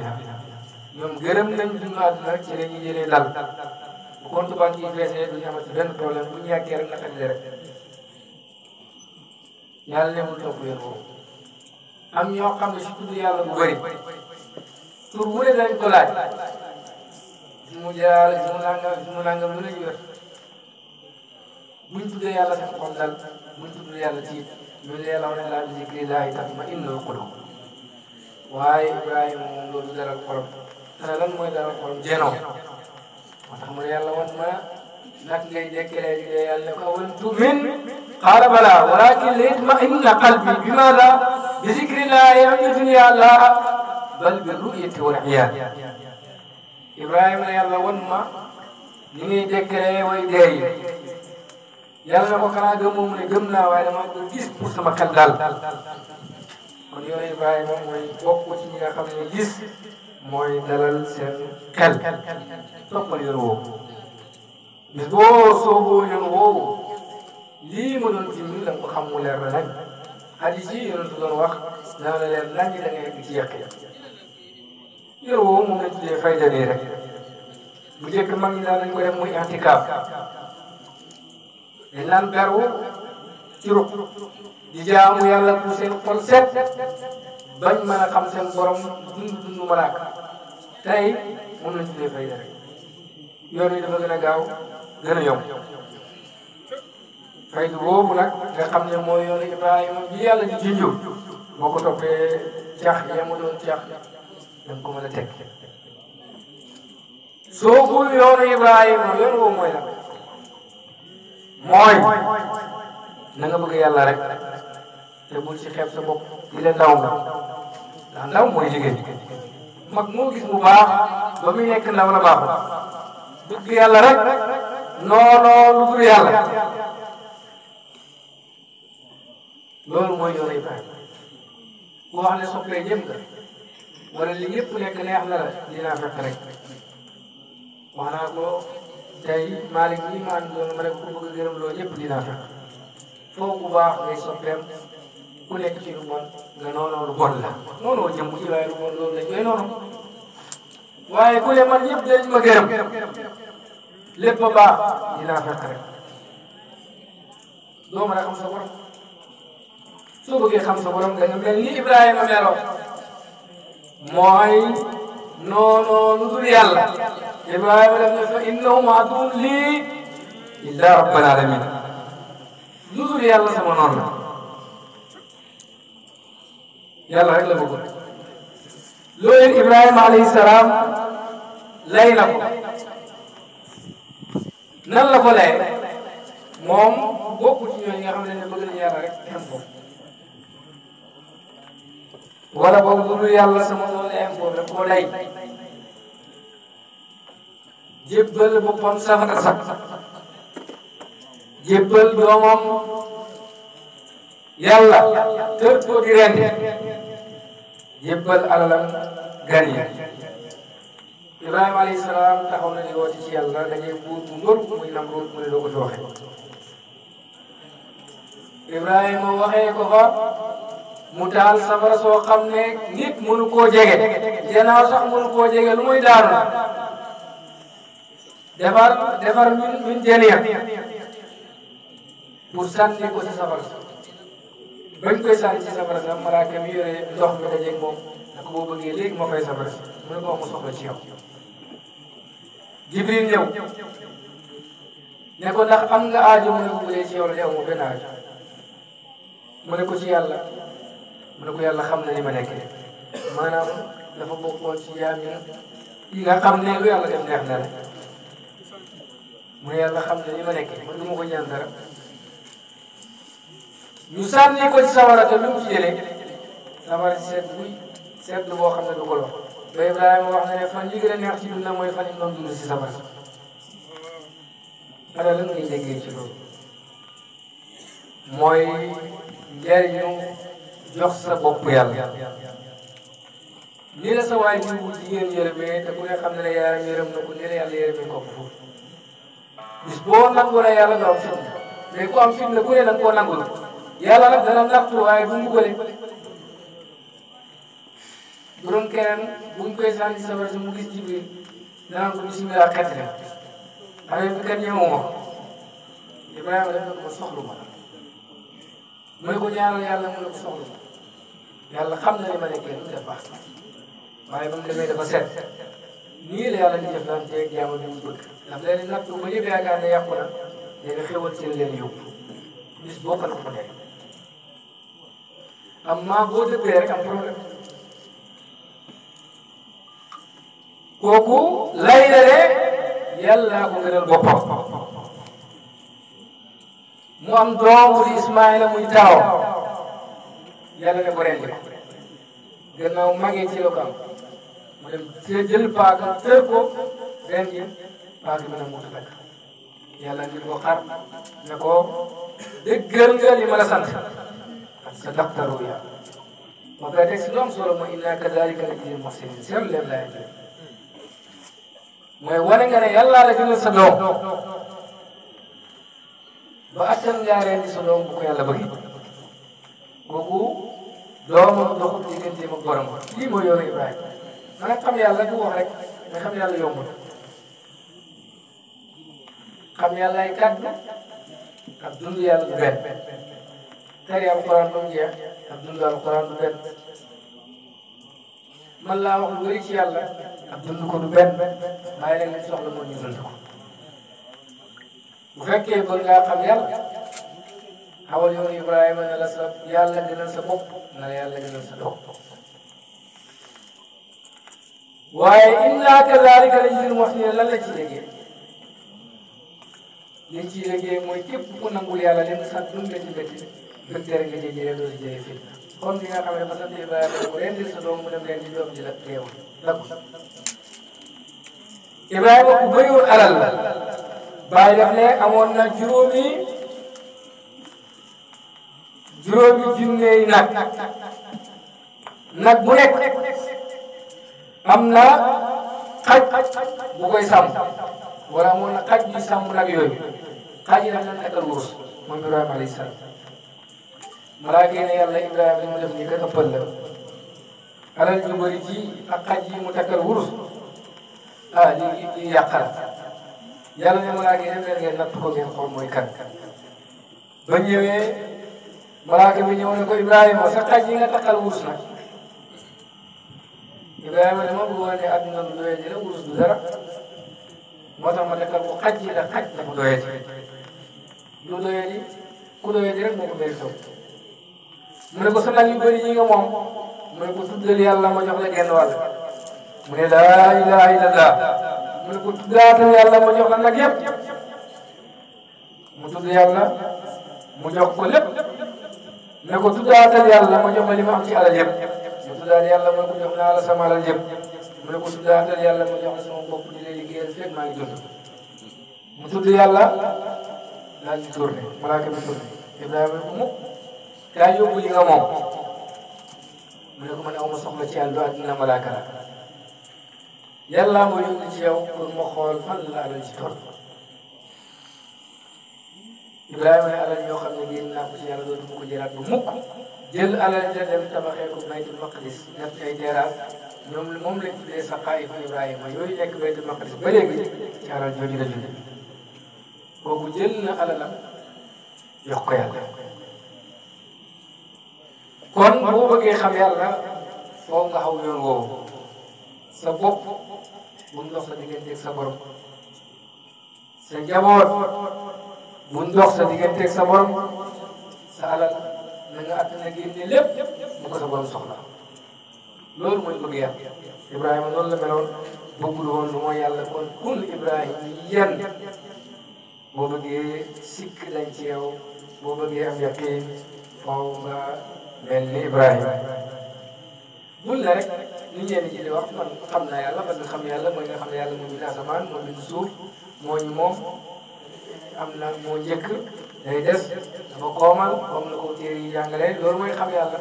ñoom gërëm nañ dund àdduna ci la ñuy lal bu compte banque yi feesee duñu benn problème bu ñu yàggee rek naqari rek yàlla ne mu topp leen boobu am ñoo xam ne si tudd yàlla bu bëri tur wu ne dañ ko laaj si mu jaar lu lañu waaye Ibrahima loolu dara xolam ana lan mooy dara xol jeno moo tax mu ne yàlla wan ma nak ngay dekkelee liggéey yàlla ko wan tumin qaala bala walakin li yatma'inna qalbi bi maada bi zikrillah yamituni yàlla bal bi ru'yati wal iyan ibrahima ne yàlla wan ma ni ngay dekkelee way dee yi yàlla na ko xanaa gëmoo mu ne gëm naa waaye dama ko gis pour sama xel daal kon yow Ibrahima mooy bokk ci ñi nga xam ne gis mooy dalal seen xel toppal yoon woowu bis boo sooboo lii ma doon dimbali da nga ko xam mu la nañ xadis yi yonent doon wax dana la leer nañ da ngay egg ci yàq ya yoon woowu moom lañ tuddee fayda bi rek bu njëkk mag ñi daan nañ ko jaamu yàlla bu seen xol set bañ mën a xam seen borom dund dund malaaka tey mun na tuddee fay dara yoon yi dafa gën a gaaw gën a yomb fay boobu nag nga xam ne mooy yoonu Ibrahima bi yàlla di junj boo ko toppee cax ya doon cax da ko mën a teg soo bul yoonu Ibrahima yoon mooy la na nga bëgg yàlla rek te bul ci xeeb sa bopp di leen ndaw nga ndax ndaw mooy liggéey. mag moo gis mu baax ba muy nekk ndaw la baaxul yàlla rek nooloo lu dul yàlla loolu mooy yoonu Ibrahima boo xam ne soppee ñëpp nga wala li ñëpp nekk neex na la dinaa fekk rek wax naa ko tey Malick ñi ma àndoon ma ne ko ku bëgg gërëm loo ñëpp dinaa fekk foo ku baax ngay soppeem mu nekk ci lu bon nga noonu lu bon la noonu jëm ci waaye lu bon loolu lañ koy noonu waaye ku ne man ñëpp dañ ma gërëm lépp ba baax dinaa fekk rek doo mën a xam xam sa borom da nga mel ni mooy noonoo lu dul yàlla Ibrahima def ne lii illa rabbil alamin lu dul noonu yàlla rek la bëggoon loolu Ibrahima alayhi salaam lay na ko nan la ko lay moom bokku ci ñooñu nga xam ne ne bëgg nañu yàlla rek xam ko wala boog bu dul yàlla sama doole am ko da jébbal boppam safara sax jébbal doomam yàlla tër ko yëbbal alalam gan yi Ibrahima alayhi salaam taxaw na di woote ci yàlla dañuy buur bu ndóor muy Namruud mu ne doo ko fi waxee. Ibrahima ko fa mu taal safara soo xam ne nit mënu koo jege. janaaw sax mënu koo jege lu muy daanu. defar defar min min jëliya pour sànni ko ci safara. bañ koy sànni ci safara sa malaaka mi yore ndox mi dajeeg moom na ko boo bëggee léegi moo koy safara si mu ne ko wax mu soxla ci yow. Jibril ñëw ne ko ndax am nga aajo mu ne ko bu ci yow la ne amul benn ko ci yàlla mu ne ko yàlla xam na li ma nekk maanaam dafa bokkoon ci nga xam ne lu yàlla def neex na la mu nekk man ko ñaan ñu sànni ko ci sawara te lu mu ci jëlee sawara si seet buy seetlu boo xam ne du ko lool ba Ibrahima wax na ne fan yi gën a neex ci dundam mooy fan yi doon dund si sawara ana lan ngay déggee ci loolu mooy njariñu jox sa bopp yàlla ni la sa waay ji wu jigéen yërëmee te ku ne xam ne ne yaram yërëm na ko ni la yàlla yërëmee ko foofu bis boo nangu la yàlla nga am fit mais ku am fit la ku ne da nga koo nangul yàlla nag dana nattu waaye bu mu bële bu doon keneen buñ koy sànni safara si mu gis jibril danaan ko bisimilah xet leen affaire bi kat ñëwuma ko Ibrahima def na ko soxlu ma mu ne ko ñaanal yàlla mu ne ko soxlu ma yàlla xam na ne ma nekkee du def baax waaye ba mu demee dafa set nii la yàlla di def daan teeg jaamu bi mu bëgg ndax léegi nattu ba ñëpp yaakaar ne yàqu na danga xéwal seen leen yóbbu bis boo ko ko nekk am maa boo dëppee rek am problème kooku lay lere yàllaa ko gënal boppam mu am doomu di Ismaayla muy taaw yàlla ne ko rendi magee ci la mu dem jël paaka tër ko rendi paaka bi nag mu tëdd yàlla ngi ko xar ne ko dëggal nga li ma sant sa daftaru ya moo tax teg si lu am solo mooy innaa kadaalika najzil muhsinin seetlu leen laay def mooy wane nga ne yàlla la gënal sa doom ba attan ngaa reen sa doom bu ko yàlla bëggee kooku doomam doxul digganteem ak borom lii mooy yoonu Ibrahima ma nga xam yàlla du wax rek nga xam yàlla yombul xam yàlla ay kàddu ak dund yàlla benn xëy alxuraan ba mu jeex ak dund alxuraan du benn man laa wax lu bëri ci yàlla ak dund ko du benn waaye nag lañ soxla mooy ñu dund ko bu fekkee bëgg ngaa xam yàlla xawal yoonu Ibrahima ne la sa yàlla gënal sa bopp na la yàlla gënal sa doom waaye innaa kazaalika najzil muhsiniin lan la ci déggee liñ ciy déggee mooy képp ku nangul yàlla leen sax dund ci bëccëg. dëkk rek la cay jëlee doo la alal Baay daf ne amoon na juróomi juróomi junney nag nag bu nekk am na xaj bu koy sàmm wala amoon na xaj bi mu nag yooyu xaj yi dañ leen takkal malaaka yi ne yàlla Ibrahima li mu def nii kat ëppal la alal ju bëri ji xaj yi mu takkal wurus ah lii lii yàq la yàlla ne malaaka yi dem ngeen natt ko ngeen xool mooy kan. ba ñëwee malaaka bi ñëw ne ko Ibrahima sa xaj yi nga takkal wurus nag Ibrahima dama bëggoon ne adduna du doyee ji la wurus du dara moo tax takkal ko xaj yi la xaj dafa doyee ji du doyee ku doyee rek moo ko doyee sow. mu ne ba sa nag yu bëri yi nga moom mu ne ko tuddal yàlla ma jox la genn wàll mu ne laa ilaha illallah mu ne ko tuddaatal yàlla ma jox la nag yëpp mu tudd yàlla mu jox ko lépp ne ko tuddaatal yàlla ma jox la li ma am ci alal yëpp mu tuddaat yàlla ma ne ko jox naa la sama alal yëpp mu ne ko tuddaatal yàlla ma jox la sama bopp di la liggéeyal fekk maa ngi dund mu tudd yàlla daal di tourné malaaka bi tourné Ibrahima mu daa yóbbu li nga moom mu ne ko man awma soxla ci yàlla du àddina malaaka la yàlla ma yóbbu ci yow pour ma xool fan la alal ci toll Ibrahima ne alal ñoo xam ne génn naa alal ja dem tabaxee ko baytul maqdis def ci moom lañ tuddee saqaayifu Ibrahima yooyu nekk baytul maqdis ba léegi ci alal jooju la jóge kooku jël na alalam jox ko yàlla kon boo bëggee xam yàlla foofu nga xaw yoon woowu sa bopp bu ndox sa digganteeg sa borom sa njaboot bu ndox sa digganteeg sa borom sa alal na nga àtt na génne lépp bu ko sa borom soxla loolu mooy bëgg yàlla Ibrahima noonu la meloon bëggul woon lu mooy yàlla kon kun Ibrahima yan boo bëggee sikk dañ ci yow boo bëggee am yaqin faaw nga mel ni Ibrahima mun rek ni ñeen ñi wax man xam naa yàlla man xam yàlla mooy nga xam ne yàlla moo bind asamaan moo bind suuf moo ñu moom am na moo njëkk day des dafa koomal comme loolu mooy xam yàlla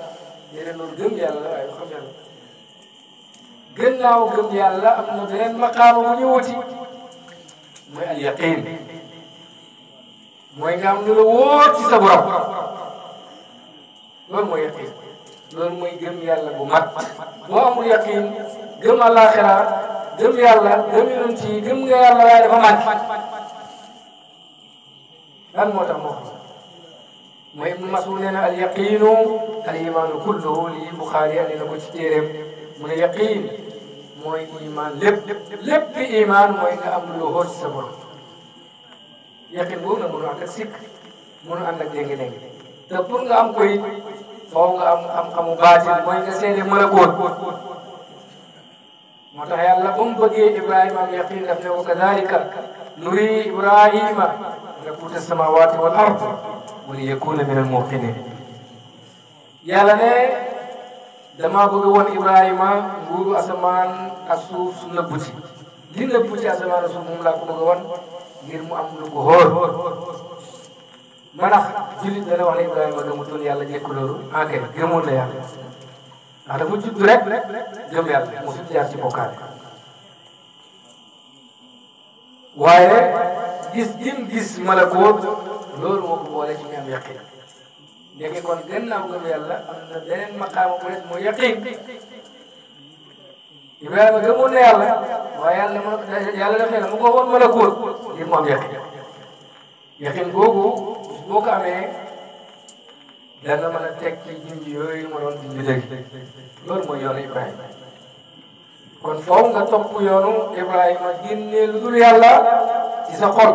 yeneen loolu gëm yàlla la waaye du xam yàlla gannaaw gëm yàlla am na beneen maqaama bu ñu wuti mooy al mooy nga am lu la wóor loolu mooy yaqin loolu mooy gëm yàlla bu mag moo amul yaqin gëm àllaaxira gëm yàlla gëm yonent yi gëm nga yàlla waaye dafa mag moo tax mooy Ibnu Mas'ud al yaqinu al imaanu kulluhu lii Buxaari andi na ko ci téeréem mu ne yaqin mooy imaan lépp lépp imaan mooy nga am lu wóor ci sa borom yaqin boobu nag mënu ànd ak sikk mënu ànd am koy foo am xam-xamu baatin nga seede malakoot moo tax yàlla ba mu bëggee Ibrahima am yaqin daf ne wa kadalika nuri Ibrahima malakuuta samawati wal ard wa li yakuna min al muqinin yàlla ne dama bëgg woon Ibrahima nguuru asamaan ak suuf su nëbbu ci li asamaan ak suuf moom laa ko bëgg woon ngir am lu ko ba ndax jullit dana wax ne Ibrahima gëmutoon yàlla jekku loolu en fait gëmoon na yàlla ndax dafa rek gëm yàlla mosul jaar ci bokkaale waaye gis gis malakoot loolu moo ko boole ci ñam yaqin léegi kon gannaaw gëm yàlla am na beneen ma bu nekk mooy yaqin Ibrahima gëmoon na yàlla waaye yàlla mën yàlla def ne mu ko woon malakoot ngir mu yaqin googu boo ko amee danga mën a teg ci junj yooyu ma doon junj loolu mooy yoonu Ibrahima kon foofu nga topp yoonu Ibrahima génnee lu dul yàlla ci sa xol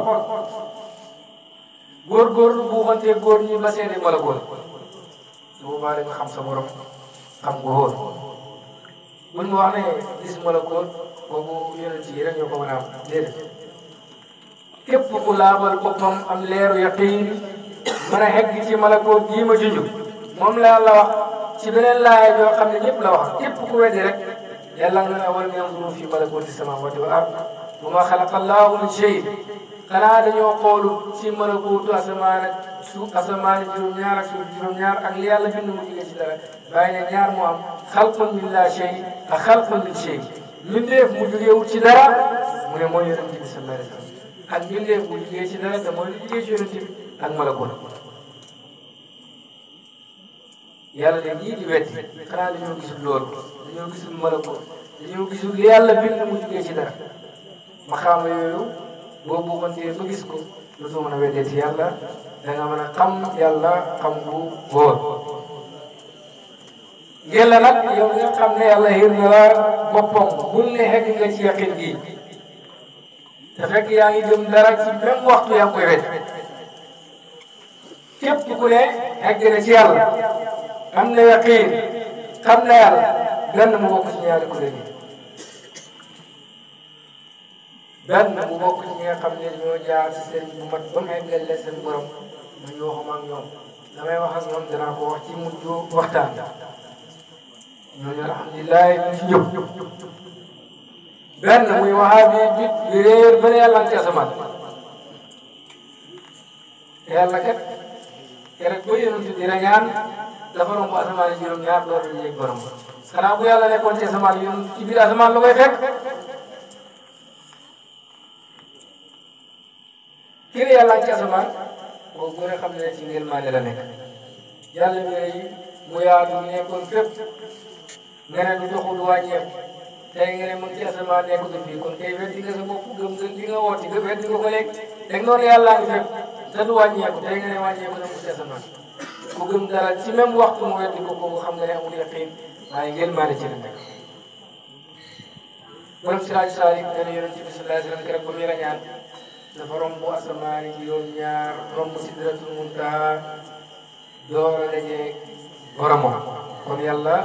góorgóorlu bu xantee góor ñi ba seede wala góor su boobaa nga xam sa borom xam ko wóor buñ wax ne gis wala góor boobu yonent yi rek ñoo ko mën a am déedéet képp ku laabal boppam am leeru yaqiin mën a hegg ci malakoot jii ma junj moom laa la wax ci beneen laaya yoo xam ne ñëpp la wax képp ku weddi rek yàlla nga ne awalam yanzuru fi malakooti samaawaati wal ard wa ma xalaqa min shay xanaa dañoo xoolu ci malakootu asamaan ak suuf asamaan ak juróom-ñaar ak suuf juróom-ñaar mu jóge ci dara bàyyi ne ñaar moo am xalqun min laa shay ak xalqun min shay mbindeef mu jógewul ci dara mu ne mooy yonent bi sallallahu alayhi ak mbindeef bu liggéey ci dara te mooy lu liggéey ci yàlla de ñii di wetti xanaa dañoo gisul loolu dañoo li yàlla bind mu liggéey ci dara ma xaama yooyu boo bokkantee ba gis ko yàlla da nga mën yàlla xam bu wóor yàlla yow nga xam ne yàlla yéen na la boppam ne xekk nga ci te yaa ngi gëm dara ci même waxtu yaa ngi koy wet képp ku ne egg na ci yàlla am na yaqiin xam na benn mu bokk ci ñaari kuréel yi benn mu bokk ci ñi nga xam ne ñoo jaar ci seen bu mat ba mu eggal leen seen ma ñu waxuma ak ñoom damay wax ak ñoom danaa wax ci mujj waxtaan ñooñu alhamdulilah ñu ci ñëpp benn muy waxaabi bi di réer ba ne yàlla ci asamaan yàlla kat keroog ba yonent dina ñaan dafa romb asamaan yi juróom-ñaar door a asamaan yonent ci biir asamaan la koy fekk. kii la yàlla ci asamaan boobu boo xam ne ci ngërmaande la nekk yàlla mu yaatu nekkoon fépp nga ne du tey nga ne ci asamaan nekkatu fii kon tey weddi nga sa bopp gëm sa li nga woote gëm weddi ko léegi léegi noonu mu ci asamaan ku gëm dara ci même waxtu mu weddi ko kooku xam nga ne amul yaqin waaye ngeen maane ci la nekk borom siraaj saalik nga ne yonent bi sallallahu alayhi wa sallam keroog ba muy rañaan dafa romb asamaan yi ñaar romb sidratul muntaha door a daje boromam kon yàlla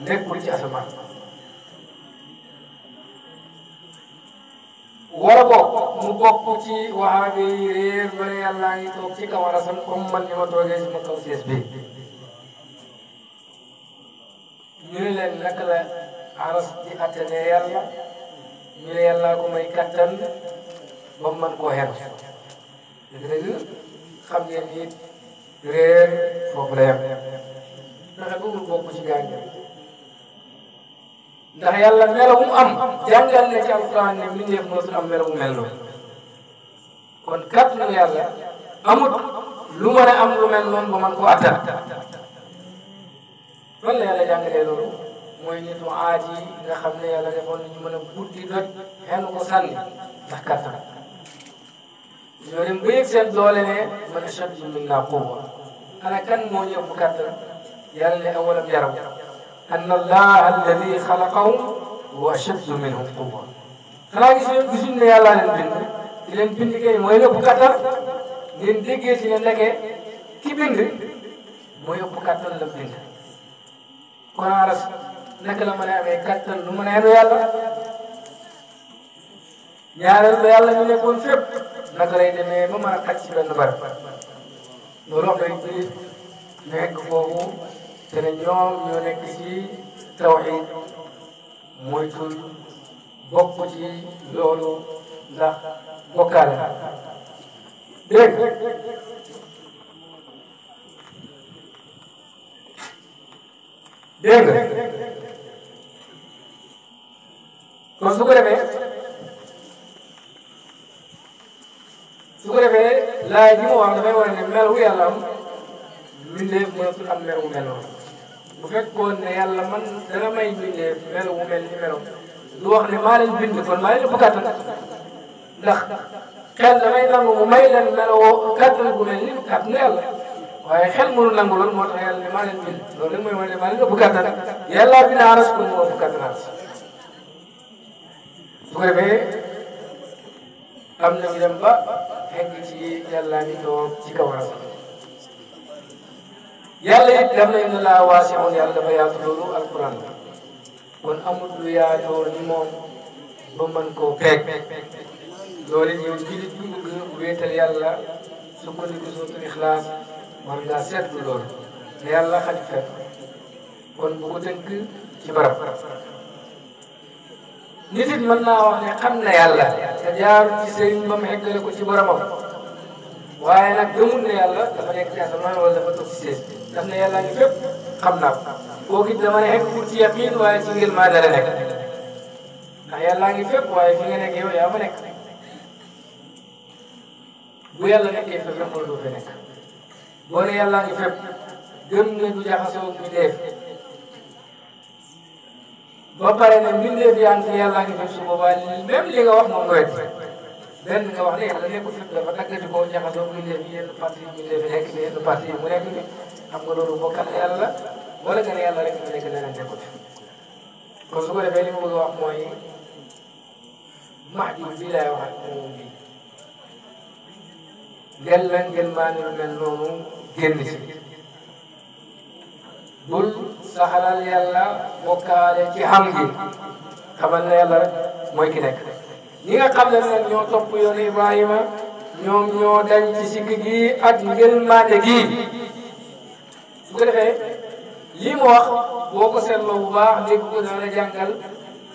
nekkul ci asamaan war a mu bokk ci waxaabe yi réer ba ne yàlla ngi toog ci kawara sam comme man ni ma toogee sama kaw siis bi ñu ne leen naka la aras di attanee yàlla ñu ne yàlla ko may kattan ba mu mën koo xer dëgg xam ngeen ni réer foofu la yem fexe ba mu bokk ci ndax yàlla melo mu am jàngal na ci alquran ne mbindeef am melo mel noonu kon kàttanu yàlla amut lu mën a am lu mel ba man ko attan fan la yàlla jàngalee loolu mooy nit mu aaj nga xam ne yàlla defoon nañu mën a buddi doj xen ko sànni ndax kàttan ñoo dem ba yëg seen doole ne man ashaddu minnaa quwwa ana kan moo ñëw bu kàttan yàlla ne awalam yaraw an allaha alladi xalaqahum wa ashaddu minhum quwa xanaa gis ngeen gisuñ ne yàllaa leen bind di leen bind kay mooy lépp kattan ngeen déggee ci ne nekkee ki bind mooy ëpp kattan la bind kon aras naka la mën a amee kattan lu mën a yenu yàlla ñaareel ba yàlla ñu nekkoon fépp naka lay demee ba mën a xaj ci benn barab loolu wax day nekk te ne ñoom ñoo nekk ci tawxiid moytul bokk ci loolu ndax bokkaale dégg dégg kon su ko defee su ko defee laaj bi mu wax dafay war a ne melu yàlla am mbindeef mënatul am mer mu bu fekkoon ne yàlla man dana may bindee melo mu mel ni melo du wax ne maa leen bind kon maa leen ëpp kàttan ndax xel damay nangu mu may leen meloo kàttan bu mel ni kàttan yàlla waaye xel mënu nangu loolu moo tax yàlla ne maa leen bind loolu rek mooy wane ne maa leen ëpp kàttan yàlla bi naa ras ko mu ëpp kàttan ras su ko defee am na ñu dem ba fekk ci yàlla mi toog ci kaw ras yàlla it def na indi dafa yaatu loolu alquran kon amul lu yaatoo ni moom ba mën koo peeg loolu it yow jilit bi bëgg wéetal yàlla sukkandiku sootu ixlaas war loolu ne yàlla xaj fekk kon bu ko tënk ci barab nit it mën naa wax ne xam na yàlla te ci sëriñ ba mu ko ci boromam waaye nag gëmul ne yàlla dafa nekk ci asamaan wala dafa toog ci daf ne yàlla ngi fépp xam naa ko kooku it dama ne rek pour ci yaqin waaye ci ngir maa dara nekk ndax yàlla ngi fépp waaye fi nga nekk yow yaa fa nekk bu yàlla nekkee fépp rek mënuloo fa nekk boo ne ngi fépp gëm nga du jaxasoo ak mbindeef ba pare ne mbindeef yaa ngi fi yàlla ngi fépp su boobaa même li nga wax moom nga wet benn nga wax ne yàlla ko fépp dafa dagg di ko jaxasoo ak mbindeef yi yenn parti yi mbindeef yi nekk yenn parti yi mu nekk nii xam nga loolu bokkat yàlla wala nga ne yàlla rek fi nekk leneen nekkut kon su ko defee li ma bëgg a wax mooy Mahdi bii laay wax ak moom bii ngel la ngel maa ne mel noonu génn ci bul saxalal yàlla bokkaale ci xam gi xamal na yàlla rek mooy ki nekk ñi nga xam ne nag ñoo topp yoonu Ibrahima ñoom ñoo dañ ci sikk gi ak ngel maa bu ko defee lii mu wax boo ko seetloo bu baax dégg ko dana la jàngal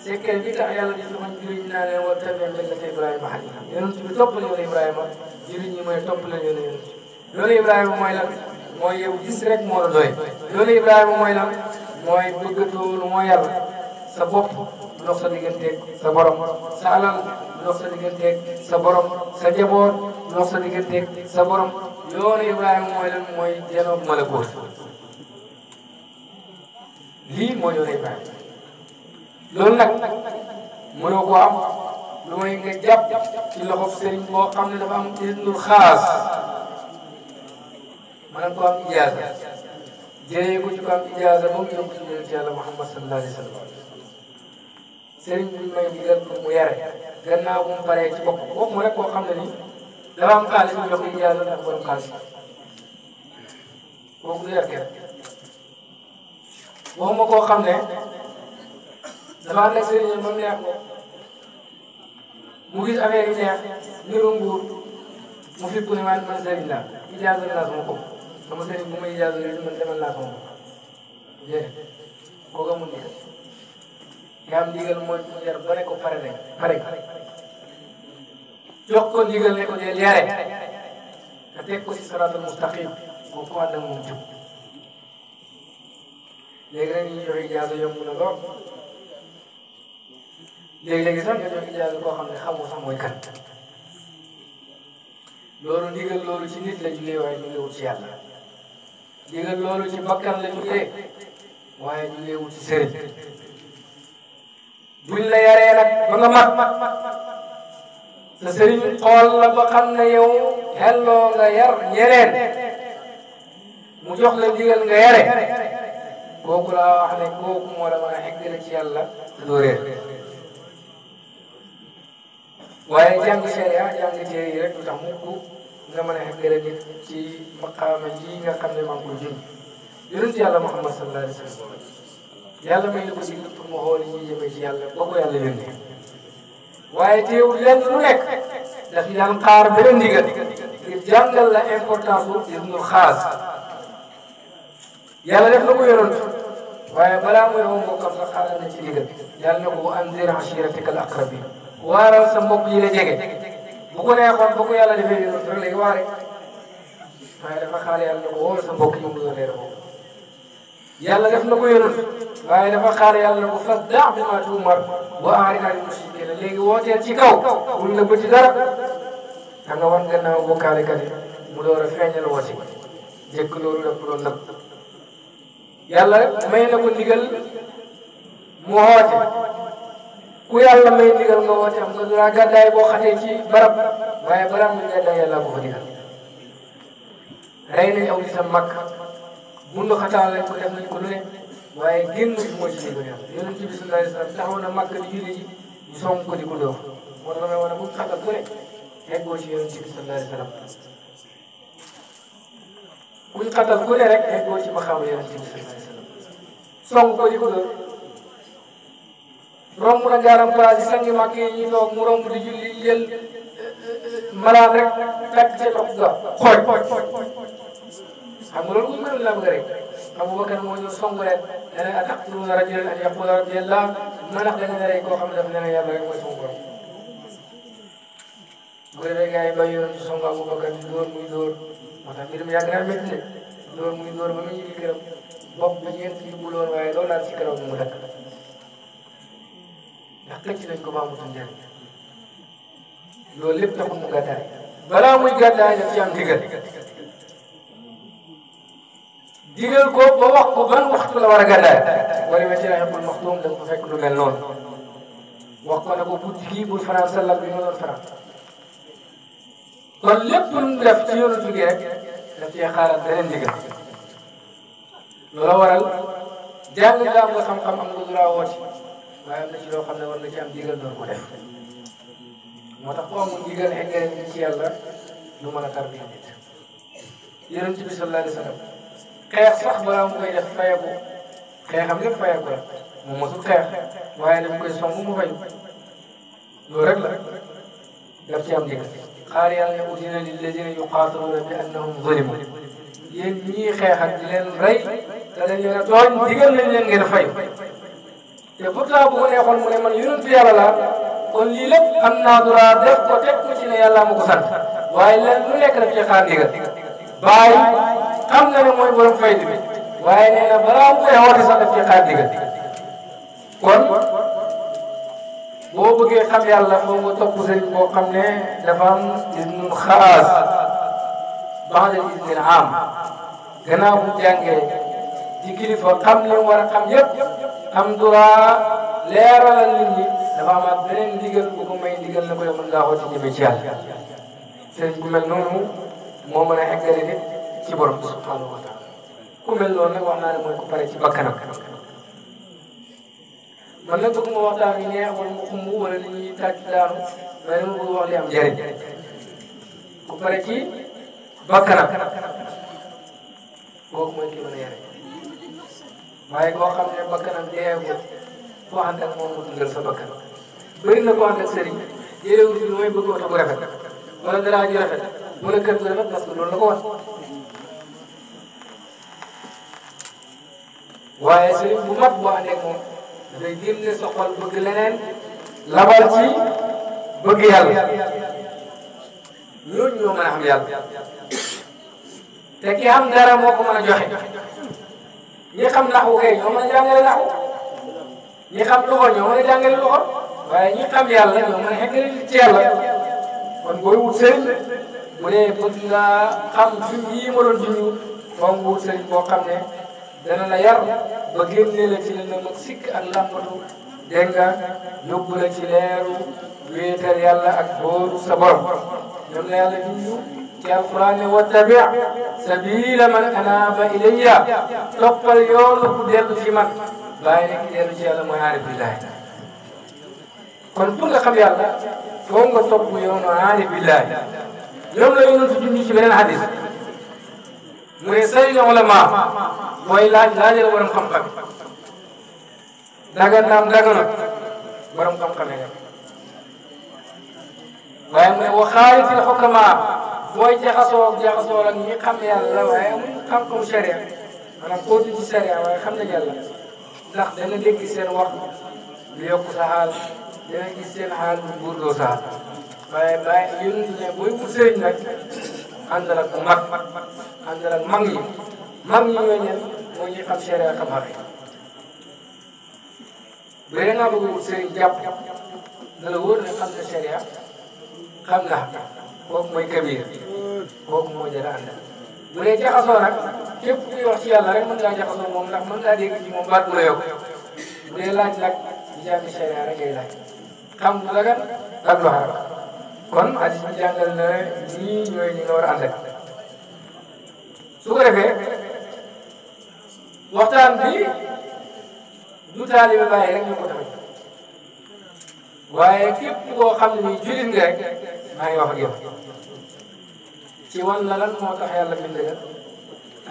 sekkee bi tax yàlla di joxoon juriñ naa leen war tabi millata Ibrahima haniifan yonent bi topp la yoonu Ibrahima juriñ mooy topp la yoonu mooy lan mooy yow gis moo la doy loolu Ibrahima mooy lan mooy bëggatoo lu moo yàlla sa bopp du dox sa digganteeg sa borom sa alal du dox sa sa borom sa jaboor du dox sa sa borom loolu Ibrahima mooy lan mooy janoog malakoot lii moo doon Ibrahima loolu nag mënoo ko am lu may nga jàpp ci loxo sëriñ boo xam ne dafa am iznul xaas maanaam ko am ijaaza jëlee ko ci ko am ijaaza moom yóbbu ci yonent yàlla Muhammad sallallahu alayhi wa sallam sëriñ mu yare gannaaw mu paree ci bopp bopp mu koo xam ne nii dafa am xaalis ñu jox li yàlla ak borom xaalis kooku du yàkkee waxuma koo xam ne dama ànd ak sëriñ moom neex ko mu gis affaire yi neex niru nguur mu fi ku ne man man sëriñ laa ijaaza naa sama bopp sama sëriñ bu ma ijaaza yi man demal naa sama bopp jërëjëf kooku amul ndigal nga am ndigal mooy mu yar bare ko pare lañ pare jox ko ndigal ne ko deel te teg si siraatal mustaqim boo ko ànd ak jub léegi nag ñu ijaaza yomb na lool léegi-léegi sax ijaaza koo xam ne xamoo sax mooy loolu ndigal loolu ci nit la jugee waaye jugeewul ci yàlla ndigal loolu ci bakkan la jugee waaye jugeewul ci sëriñ buñ la yaree nag ba nga mag sëriñ xool la ba xam ne yow xelloo nga yar ñeneen mu jox la ndigal nga yare kooku laa wax ne kooku moo la mën a eggale ci yàlla doo réer waaye jàng sharia jàng téere yi rek du tax mukk nga mën a eggale nit ci maqaama yi nga xam ne maa ngi ko jëm yonent yàlla Muhammad sallallahu alayhi wa sallam yàlla may na ko digal pour mu xool ñuy jëmee ci yàlla boo ko yàlla yónnee waaye teewul lenn lu nekk daf ñu daan xaar ba ndigal ngir jàngal la importance bu ibnul xaas yàlla def na ko yoroon waaye balaa muy woo mbokkam sax xaaral na ci ndigal yàlla na ko anzir ashiratika al aqrabin waaral sa mbokk yi la jege bu ko neexoon ba ko yàlla defee yoroon rek léegi waare waaye dafa xaar yàlla mu la yàlla def na ko yonent waaye dafa xaar yàlla bu fa daax bi ma tuumar wa aarid anil mushrikiin léegi wooteel ci kaw buñ la bëti dara da nga wan gannaaw bokkaalekat yi mu door a feeñal woote jëkk loolu daf doon nëb yàlla may na ko ndigal mu woote ku yàlla may ndigal nga woote am nga dara boo xatee ci barab waaye barab bi gàddaay yàlla ko fa digal rey nañ aw nitam mag mun na xataa lañ ko def nañ ko lu ne waaye génn bi mooy ci ko ñaan yonent bi sallallahu alayhi wa sallam taxaw na màkk di julli ji ñu song ko di ko doox war na may wane bu xatal bu ne nekkoo ci yonent bi sallallahu alayhi wa sallam kuñ xatal ku ne rek nekkoo ci ma xaw yonent bi sallallahu alayhi wa sallam song ko di ko doox romb na gaaram place yi sangi màkk yi ñu toog mu romb di julli jël euh, euh, euh, malaan rek takk ca dox ga xooj xam nga loolu mooy làmb rek Abubakar moo ñëw song leen ne leen ataqtuluuna rajulan an yaquula rabbi Allah ma ndax da nga rey koo xam ne dafa ne ne yàlla rek yi bàyyi yoon ci song Abubakar ñu dóor muy dóor moo tax mbirum yàgg naa métti ne dóor muy dóor ba muy ñibbi këram bopp bi ñeent yi buloon waaye loolu laal ci këram mu dëkk ndax këcc nañ ko ba amatul loolu lépp taxul mu gàddaay balaa muy gàddaay daf ci digal ko ba wax ko ban waxtu la war a gàddaay wala ma ci Rahiibul Maxtuum da nga ko fekk lu mel noonu wax ko ne ko guddi gii bul fanaan sa lal bi nga doon fanaan kon lépp lu def ci yoonu jugee rek daf cee xaaral beneen ndigal loola waral jàng nga am nga xam-xam am nga droit woote waaye am na ci loo xam ne war nga ci am digal doon ko def moo tax ku amul digal xëy na ci yàlla lu mën a tarbiya nit yonent bi sallallahu alayhi wa sallam xeex sax balaa mu koy def fayagu xeexam lépp fayagu la mu mosul xeex waaye dañ koy song mu fayu loolu rek la daf ci am dëgg xaar yàlla ne udina lilladina yuqaataluuna bi annahum zulimu yéen ñii xeex ak di leen rey te dañ leen a tooñ digal nañ leen ngeen fay te pourtant bu ko neexoon mu ne man yonent yàlla laa kon lii lépp am naa droit def ko teg ko ci ne yàlla ma ko sant waaye leen lu nekk daf ci xaar ndigal bàyyi xam na ne mooy borom fayda waaye nee na balaa mu koy woote sax daf ci kon boo bëggee xam yàlla moom nga topp sëriñ boo xam ne dafa am ibnul xaas ba'da ibnil aam gannaaw bu jàngee ci kilifa xam li mu war a xam yëpp am droit leeralal nit ñi dafa amaat beneen ndigal bu ko may ndigal la ko yow mën ngaa xool ci ci yàlla sëriñ bu mel noonu moo mën a eggale nit ci borom bi subhanahu wa ku mel nag wax naa ne mooy ku pare ci bakkanam man nag bëgguma waxtaan yu neex mu xumb wala li ñuy tàcc daanu mais dama bëgg wax li am njëriñ ku pare ci bakkanam kooku a ku ànd moom mu dundal sa bakkan na ko ànd ak sëriñ fi lu may bëgg oto bu rafet wala garage yu rafet wala kër gu rafet parce que loolu la waaye sëriñ bu mat boo àndeek moom dafay génne sa xol bëgg leneen labal ci bëgg yàlla ñooñu ñoo mën a xam yàlla te ki xam dara moo ko mën a joxe ñi xam naxu kay ñoo mën a jàngale naxu ñi xam luxo ñoo mën a jàngale luxo waaye ñi xam yàlla ñoo mën a xekkale ci yàlla kon booy wut sëriñ bu dee bëgg nga xam fi yii ma doon junj foog nga wut sëriñ boo xam ne dana la yar ba génnee la ci lëndëm ak sikk ak làmbatu dégg nga yóbbu ci leeru wéetal yàlla ak booru sa borom ñoom la junju ci alquran ne wattabi sabila man anaaba ilayya toppal yoonu ku dellu ci man bàyyi ne ki dellu ci yàlla mooy aarif billahi kon pour nga xam yàlla foo nga topp yoonu aarif billahi ñoom la yonent junju ci beneen hadis mu ne sëriñ ulama mooy laaj laajal borom xam-xam dagan naam dagana borom xam-xame nga waaye mu ne wa xaalitil xukama mooy jaxasoo jaxasoo ak ñi xam mu xam-xamu sharia maanaam koo tudd sharia waaye xam nañ yàlla ndax dana dégg seen wax lu yokk sa xaal dana gis seen xaal bu góor doo sa xaal waaye bàyyi yéen ne booy bu sëriñ àndal ak bu mag àndal ak mag yi mag yi ñooy ñen mooy ñuy xam seere ak bu dee nga bëgg sëriñ jàpp na la wóor xam nga seere xam nga kooku mooy kabiir kooku moo jëla àndal bu dee jaxasoo nag képp kuy wax ci yàlla rek mën ngaa jaxasoo moom ndax mën ngaa dégg ci moom baat bu yokk bu dee laaj nag di jàng seere rek ngay laaj xam lu dagan ak lu xaram kon hadis bi jàngal na ñii ñooy ñi nga war a ànd ak su ko ko xam ni jullit nga rek maa ngi wax ak yow ci la lan moo tax yàlla bind la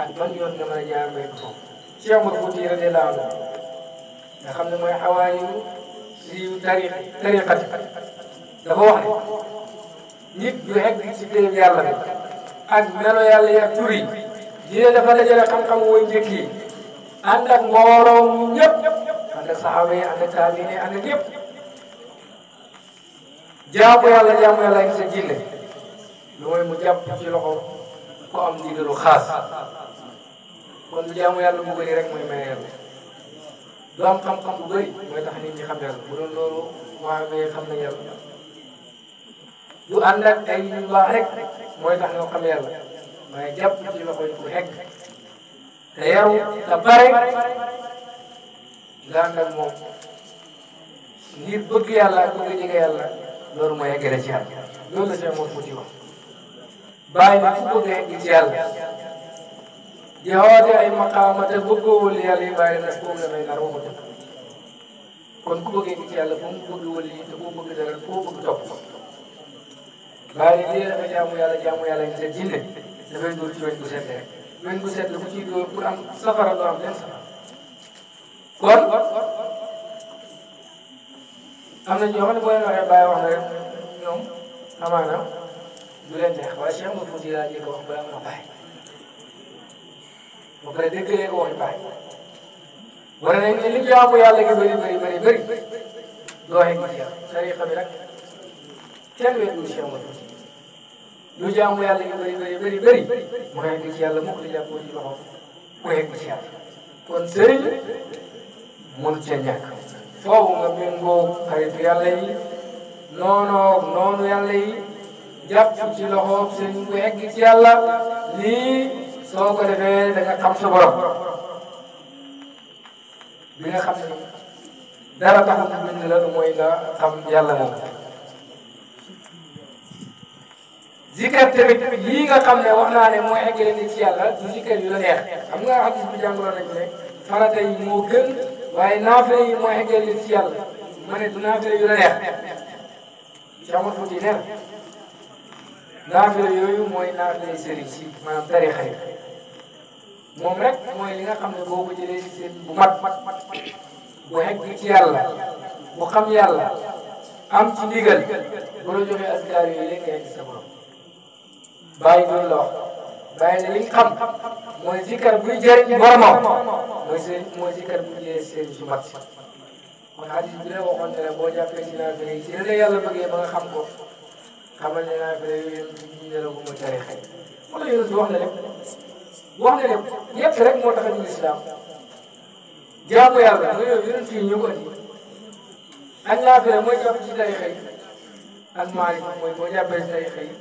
ak ban yoon nga mën a jaar ko foofu ci yow ma fuuti nga xam ne mooy xawaayu si tariq tariqati dafa wax nit yu hegg ci péyam yàlla bi ak melo yàlla ya tur yi dina dafa dajale xam-xam wooy njëkk yi ànd ak mbooloo mu ñëpp ànd ak saxaaba yi ànd ak taabine ànd ak ñëpp jaamu yàlla jaamu yàlla ngi sa jinne lu mooy mu jàpp ci loxo ku am ndigalu xaas kon jaamu yàlla bu bëri rek mooy mel yàlla du am xam-xam bu bëri mooy tax nit ñi xam yàlla bu doon loolu waa xam na yàlla yu ànd ay yu baax rek mooy tax nga xam yàlla waaye jàpp ci loxo yi ku hekk te yaru te bare nga ànd moom ngir bëgg yàlla ak bëgg jege yàlla loolu mooy eggale ci yàlla loolu la Cheikh Mor Fouti wax bàyyi na ku bëgg egg yàlla di xoote ay maqaama te bëggoo wëli yàlla yi bàyyi na foofu la may nar waxu kon ku bëgg egg ci yàlla foofu mu bëgg wëli te foo bëgg dara foo bëgg topp baari lii dafa jaamu yàlla jaamu yàlla ñu seet jinne dafay dóor ci weñ bu set rek weñ bu set la ku ciy dóor pour am safara doo am benn safara kon am na ñoo xam ne boo leen waxee bàyyi wax na rek ñoom amaana du leen neex waaye Cheikh Moussa Fouti laa njëkk a wax balaa ma bàyyi ba pare dëggalee ko waxi bàyyi war nañ ne li jaamu yàlla gi bëri bëri bëri bëri doo xëy ko ci yàlla tariqa bi nag kenn weesuñu si amul lu jaamu yàlla yu bëri bëri bëri mu xeex ci yàlla mu ko defee da xam sa borom nga xam ne dara taxul bind la mooy nga xam yàlla moom. zikar tamit yii nga xam ne wax naa ne mooy eggale nit ci yàlla du zikar yu la neex xam nga hadis bi jàngaloon nañu ne farata yi moo gën waaye naafile yi mooy eggale nit ci yu la neex jamono tuuti nee na naafile yooyu mooy naafile sëriñ si maanaam tarixa yi moom rek mooy li nga xam ne boo jëlee si bu mat bu egg ci yàlla bu xam yàlla am ci ndigal bu joxee askar yooyu bàyyi ñu loo bàyyi ne li ñu xam mooy zikkar buy jëriñ boromam mooy seen mooy zikkar bu jëlee seen su mat kon hadis bi la waxoon ne boo jàppee si naa fële si la yàlla bëggee ba nga xam ko xamal ne naa fële yéen ñu ne la bu ma tere xëy wala yéen si wax na lépp wax na lépp yépp rek moo tax a ñu islam jaamu yàlla nga yow yéen fii ñu ko andi ak naa fële mooy jàpp ci tarixa yi ak maalik mooy boo jàppee si tarixa yi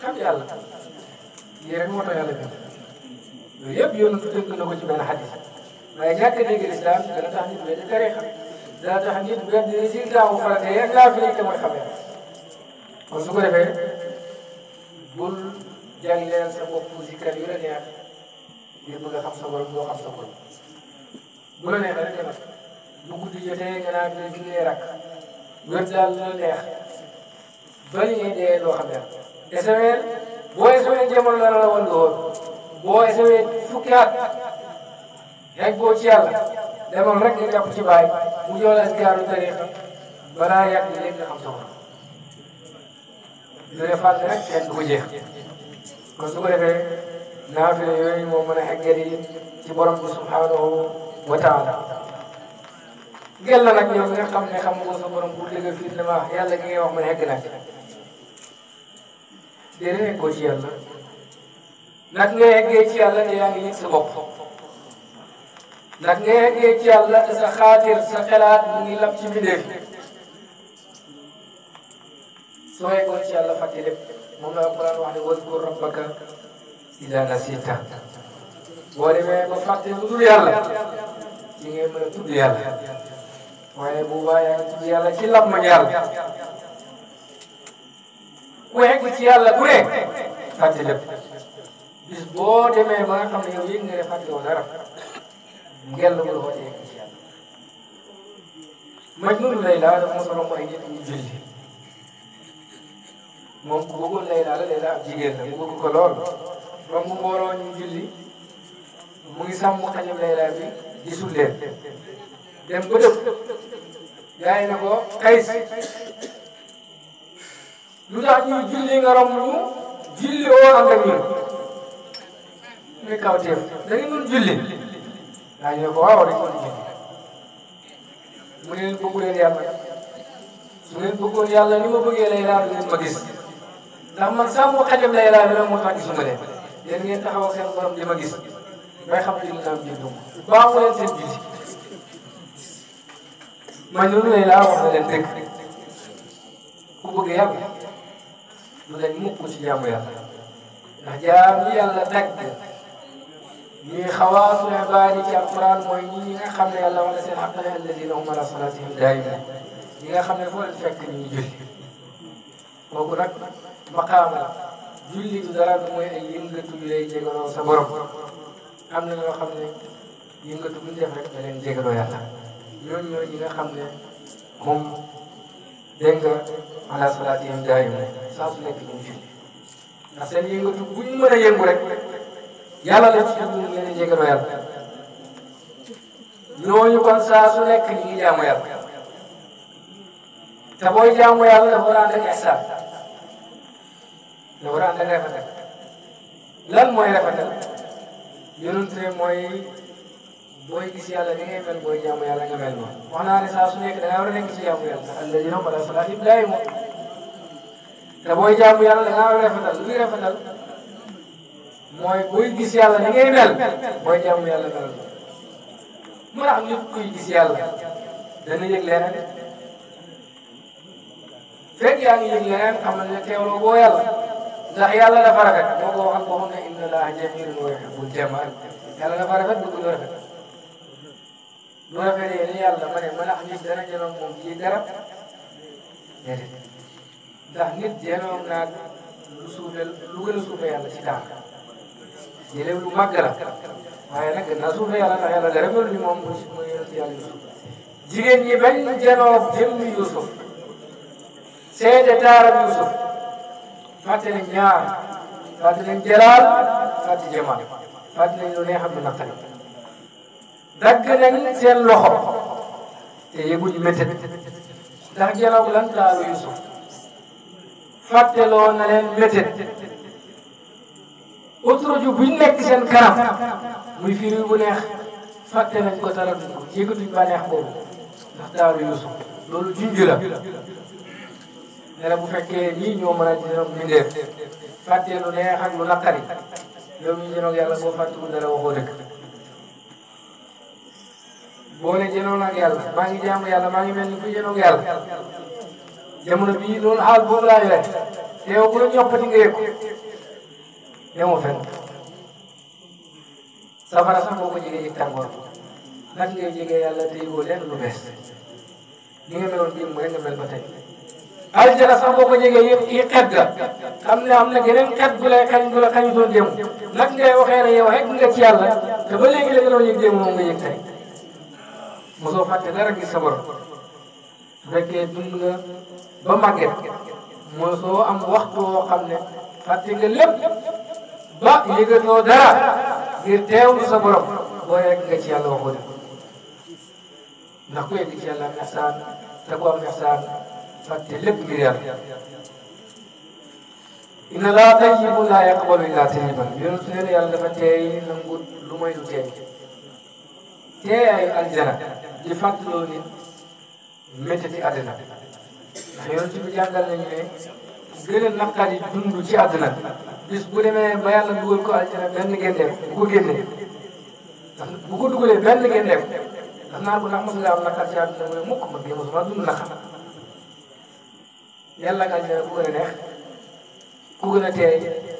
xam yàlla lii rek moo tax yàlla bind loolu yëpp yoonu tënk na ko ci benn xadis waaye ñàkk dégg lislaam dana tax nit weddi tarixa dana tax nit weddi résultat bu farate yeeg laa fi te mooy xamee kon su ko defee bul jàngleel sa bopp zikar yu la neex ngir bëgg a xam sa borom doo xam sa borom bu la neexee rek demal bu guddi jotee nga naan day jullee rakk wér daal la neex ba ñu dee loo xam ne boo yeesoo jamono dara la woon lool boo yeesoo fukki at rek boo ci yàlla demoon rek nga jàpp ci bàyyi mu jox la gaaru tariqa balaa yàgg léegi nga xam soxla lu ne fàtte ko jeex kon su ko defee naafila yooyu moo mën a xeggali ci borom bi subhanahu wa taala gel la nag yow nga xam ne xam nga sa borom bu dëgg fii la ma yàlla gi ngay wax man xegg naa yéen a nekkoo ci yàlla nag nga yeggee ci yàlla te yaa ngi yëg sa bopp nag nga ci yàlla te sa xaatir sa xelaat mu ngi lab ci mbindeef soo yeggoon ci ci ngay mën a tudd yàlla waaye bu baax yaa ngi tudd yàlla ci lab ma yàlla ku yegg ci yàlla ku ne fàtte lépp bis boo demee ba nga xam ne yow yëg nga ne fàtte woo dara ngel wala woote yegg ci yàlla. Majnun Layla dafa mos a romb ay nit ñu julli moom ku bëggoon Layla la Layla ab jigéen la mu bëgg ko lool romb mbooloo ñu julli mu ngi sàmm xañam Layla bi gisul leen dem ba dëpp gars yi na ko kays lu tax ñuy julli nga romb ñu julli oo ànd ak ñun muy kaw teew da ngeen mën julli daa ñu ne ko waaw dañ mën julli mu ne leen bëggu leen yàlla su ngeen bëggoon yàlla ni ma bëggee lay laa ngeen ma gis ndax man sàmm xajam lay laa bi nag moo tax gisuma leen yéen ngeen taxaw ak seen borom di ma gis bay xam ne dina am jëndum baax leen seen julli man loolu lay laa wax na leen dëgg ku bëgg yàlla du dañ mukk ci jaamu yàlla ndax jaam ñi yàlla tagg ñii xawaasu ibaadi ci mooy ñi ñi nga xam ne yàlla wala seen xaq ne alladina hum ala salatihim daayima ñi nga xam ne foo leen fekk ñu julli kooku nag maqaama julli du dara mooy ay yëngatu yu lay jégaloo sa borom am na ñoo xam ne yëngatu bu ñu def rek da leen jégaloo yàlla ñooñu nga xam ne moom dégg nga ala salaati yam jaayum saa su nekk ñu julli ndax seen yëngatu bu ñu mën a yëngu rek yàlla la ci jublu ngeen a jégaloo yàlla ñooñu kon saa su nekk ñu ngi jaamu yàlla te booy jaamu yàlla dafa war a ànd ak ihsaan dafa war a ànd ak rafetal lan mooy rafetal yonent mooy booy gis yàlla ni ngay mel booy jaamu yàlla nga mel ma wax naa ne saa su nekk da ngaa war a nekk ci jaamu yàlla ndax alladina bala salaat ibrahima te booy jaamu yàlla da ngaa war a rafetal luy rafetal mooy booy gis yàlla ni ngay mel booy jaamu yàlla melal ma ndax nit kuy gis yàlla dana yëg leneen fekk yaa ngi yëg leneen xamal ne teewloo boo yàlla ndax yàlla dafa rafet moo ko waxal boo xam ne inna laaha jamiilun wa yuhibbul jamaal yàlla dafa rafet bëgg lu rafet bu rafetee ni yàlla ma ne ma ndax nit dana jëloon moom ci garab déedéet ndax nit jëloon naa lu suufel lu gën a suufe yàlla ci taar jëlew lu màgg la waaye nag gën ni moom mooy mooy yonent yàlla Yuusuf jigéen ñi bañ janoo jëmm Yuusuf seede taaram Yuusuf fàtte nañ ñaar fàtte nañ jalaal fàtte jamaal fàtte nañ lu neex am lu naqari dagg nañ seen loxo te yëguñu ne ndax jaraw lan taaru Yusuf fàtteloo na leen métit bu buñ nekk seen kanam muy firi bu neex fàtte nañ ko dara duñ ko yëgatuñ bànneex boobu ndax taaru Yusuf loolu junj la ne la bu fekkee nii ñoo mën a jënoog mbindeef fàtte lu neex ak lu naqari yow mi jënoog yàlla boo fàttewu dara waxoo dëkk boo ne jëloon ak yàlla maa ngi jaamu yàlla maa ngi mel ni ku jëloon yàlla jamono bii loolu xaal laa yore te yow bu la ñoppati nga yëg demoo fenn safara sax boo ko jegee yëg tàngoor nag ngay jegee yàlla te yëgoo lenn lu bees ni nga meloon démb rek nga mel ba tey aljana sax boo ko jegee yëpp yi xet ga xam ne am na geneen xet bu lay xañ bu la xañutoon démb nag ngay waxee ne yow rek nga ci yàlla te mosoo fàtte dara gis sa borom su fekkee dund ba màgget mosoo am waxtu woo xam ne fàtte nga lépp ba yëgatoo dara ngir teewlu sa borom boo yegg nga ci yàlla waxoo def ndax ku yegg ci yàlla ihsaan te ku am ihsaan fàtte lépp ngir yàlla inna laa tayyibun laa yaqbalu illaa tayyiban yonent ne yàlla dafa teey nangu lu may lu teey teeyaayu aljana di fàttaloo nit métti àddina ndax yonent bi jàngal nañu ne gën a naqari dund ci àddina bis bu demee ba yàlla dugal ko aljana benn gendeem bu bu ko dugalee benn gendeem ndax naan ko ndax mos nga am naqar ci àddina mooy mukk ma bii mosuma dund naqar yàlla ak aljana ku gën a neex ku gën a teey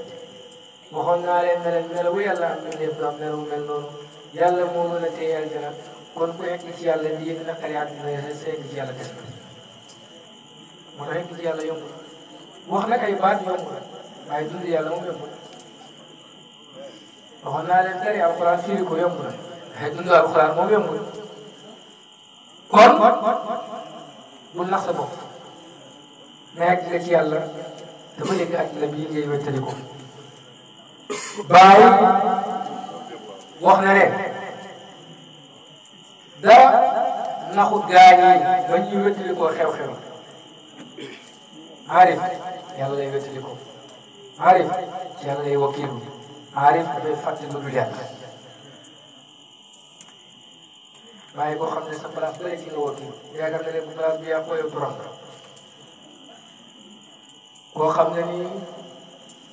waxoon naa leen ne leen melawu yàlla am na lépp du am melawu mel noonu yàlla moo mën a téye aljana kon ku egg ci yàlla lii dina xëy àddina yàlla sa egg ci yàlla des na moo tax egg ci ay baat yomb moom yomb waxoon naa leen tari alxuraan firi ko moom yomb kon bul nax sa bopp na egg nga ci yàlla dafa yëgg àddina baay wax na ne da naxu gaa yi ba ñuy wétali xew-xew aarif yàlla lay wétali ko aarif ci yàlla lay wakiilu aarif dafay fàttali lu dul yàlla waaye boo xam ne sa place bële ci nga wakiilu yaakaar na ne bu place bi yaa xam ne nii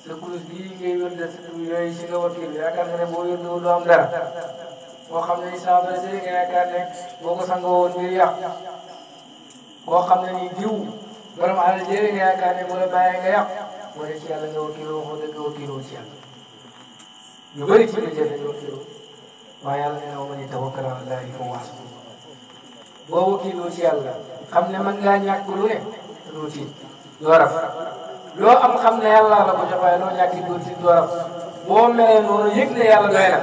sa kurus bii ngay wérde yooyu si nga wat bi yaakaar nga ne boo wérdewul du am dara boo xam ne saabara si nga yaakaar ne ko sangoo woon muy yàq xam ne nii diw borom alal jëlee nga yaakaar ne bu la bàyyee nga yàq moo ne ci nga wakkiloo waxoo dëgg wakkiloo ci yàlla ñu bëri ci biir jafe na wa man yatawakkal ala llaahi fa huwa ci yàlla loo am xam ne yàlla la ko jox waaye loo ñàkk doon si dooram boo meree noonu yëg ne yàlla doy na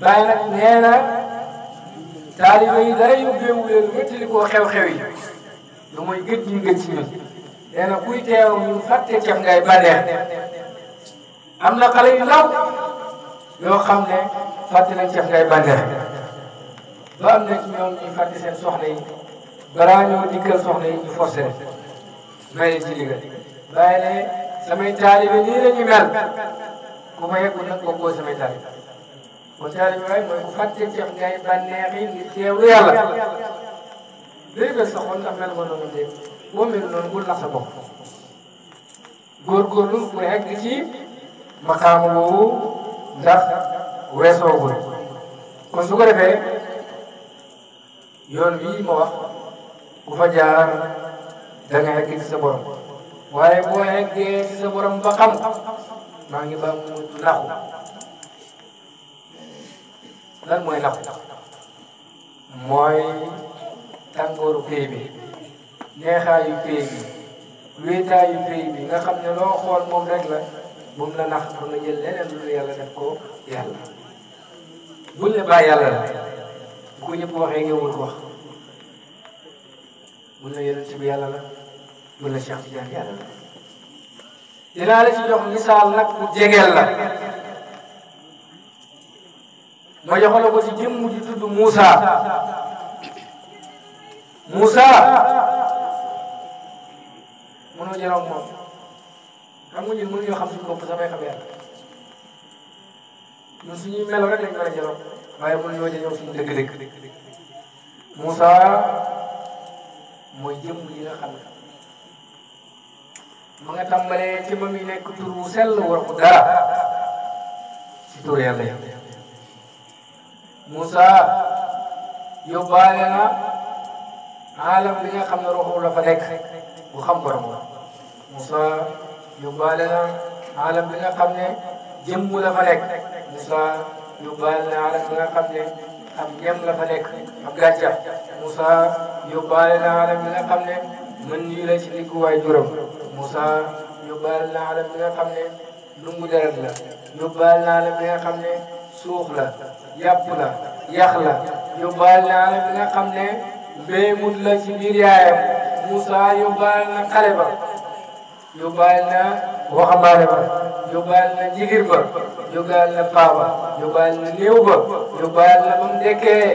bàyyi nee na taaliba yi dara yóbbeewu leen wéttali koo xew-xew yi lu mooy gëj ñu gëj ci nee na kuy teew ñu fàtte caf ngay bànneex am na xale yu law yoo xam ne fàtte nañ caf ngay bànneex ba am na ci ñoom ñuy fàtte seen soxna yi balaa dikkal soxna yi ñu berjiliga bayane samaitari be ni ni mel ko may ko nak ko ko samaitari ko tari way moy ko fatte ci am ngay banexi ni teewlu yalla debe sa xol am mel ko non de wo mel non bu la sa bok gor gor lu ko hegg ci maqam wo ndax weso gol kon su ko defee yoon wi ma wax ku fa jaar da nga egg ci sa borom waaye boo eggee ci sa borom ba xam maa ngi ba mu lan mooy nax mooy tàngooru pay bi neexaayu pay bi wéetaayu pay bi nga xam ne loo xool moom rek la bu mu la nax ba nga jël leneen lu yàlla def ko yàlla buñ la yàlla la bu ko ñëpp waxee wut wax mun na yonent bi yàlla la mun na Cheikh Tidiane yàlla la dinaa la ci jox misaal nag bu jegeel la ma joxale ko ci jëmm ji tudd Moussa Moussa mënoo jëloon moom xam nga ñun mënuñoo xam suñu bopp samay xam yàlla ñun suñuy melo rek lañ mën a jëloon waaye mënuñoo jëloon suñu dëgg-dëgg Moussa mooy jëmm yi nga xam ne ma nga tàmbalee ci ba muy nekk tur wu sell war ko dara ci tur yàlla yi Moussa yóbbaale na aalam bi nga xam ne ruuxu la fa nekk bu xam borom la Moussa yóbbaale na aalam bi nga xam ne jëmm la fa nekk na aalam bi nga xam ne am ñem la fa nekk ak yóbbaale na alam bi nga xam ne mën nii la ci diggu waay juróom Moussa yóbbaale na alam bi nga xam ne lungu deret la yóbbaale na alam bi nga xam ne suuf la yàpp la yax la yóbbaale na alam bi nga xam ne mbéymut la ci biir yaayam Moussa yóbbaale na xale ba yóbbaale na waxambaane ba yóbbaale na jigir ba yóbbaale na paa ba yóbbaale na néew ba yóbbaale na ba mu dekkee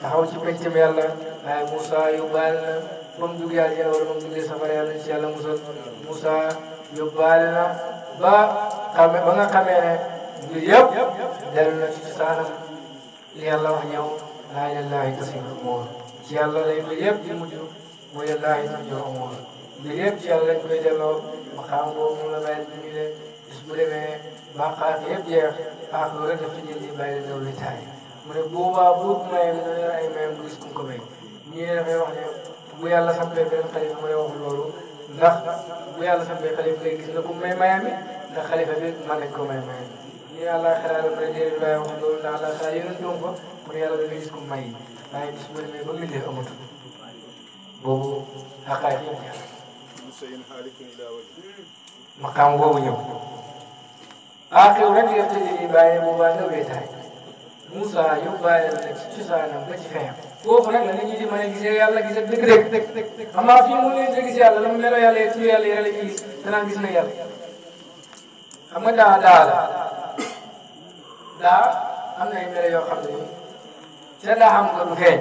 taxaw ci peccam yàlla waaye Moussa yóbbaale na ba mu duggee aljana wala ba mu duggee safara yàlla ci yàlla musal Moussa yóbbaale ba xame ba nga xamee ne mbir yëpp dellu na ci cosaanam li yàlla wax ñëw laa ilaha tasirul umur ci yàlla lay mbir yëpp mujj mu ilahi tasirul umur mbir yëpp ci yàlla lañ koy ma xam boobu mu la bàyyi ñu ne bis bu demee ba xaar yëpp jeex xaar loolu rek dafa la dawlu taay mu ne boobaa bu mayee mu ne ay mayam bu gis ku ko may ñi dafay wax ne bu yàlla sampee benn xalifa may waxul loolu ndax bu yàlla sampee xalifa ngay gis la ko may mayami ndax xalifa bi man lañ ko may mayami ñi yàlla xalaale ba dee bi wax loolu ndax la saa yéen doom ko mu ne yàlla da ngay gis ko may waaye gis bu demee ba mbindee amatu boobu xaqaay yi ñëw maqaam boobu ñëw aaxiw rek yëpp tëjee bàyyi boobaa nga wéetaay Moussa yóbbaale la ci cosaanam ba ci feyam foofu nag la nit ñi di mën a gisee yàlla gisee dëgg-dëgg xam naa fi mu leen di gis yàlla la mu meloo yàlla ci yàlla yàlla ñuy gis danaan gis na yàlla xam nga daa daa la daa am na ay melo yoo xam ne ca daa am nga du feeñ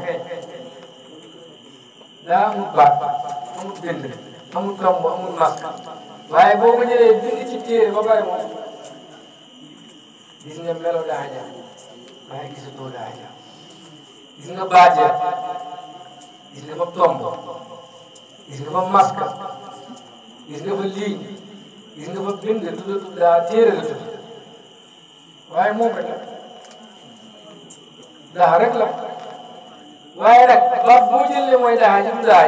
daa amul baat amul bind amul tomb amul masque waaye boo ko jëlee bind ci téere ba pare moom gis nga melo daa ja waaye gisatoo daa ja gis nga baaje gis nga fa tomb gis nga fa masque gis nga fa ligne gis daa téere la tudd waaye moom rek daa rek la waaye nag baat boo jëlee mooy daa ji daa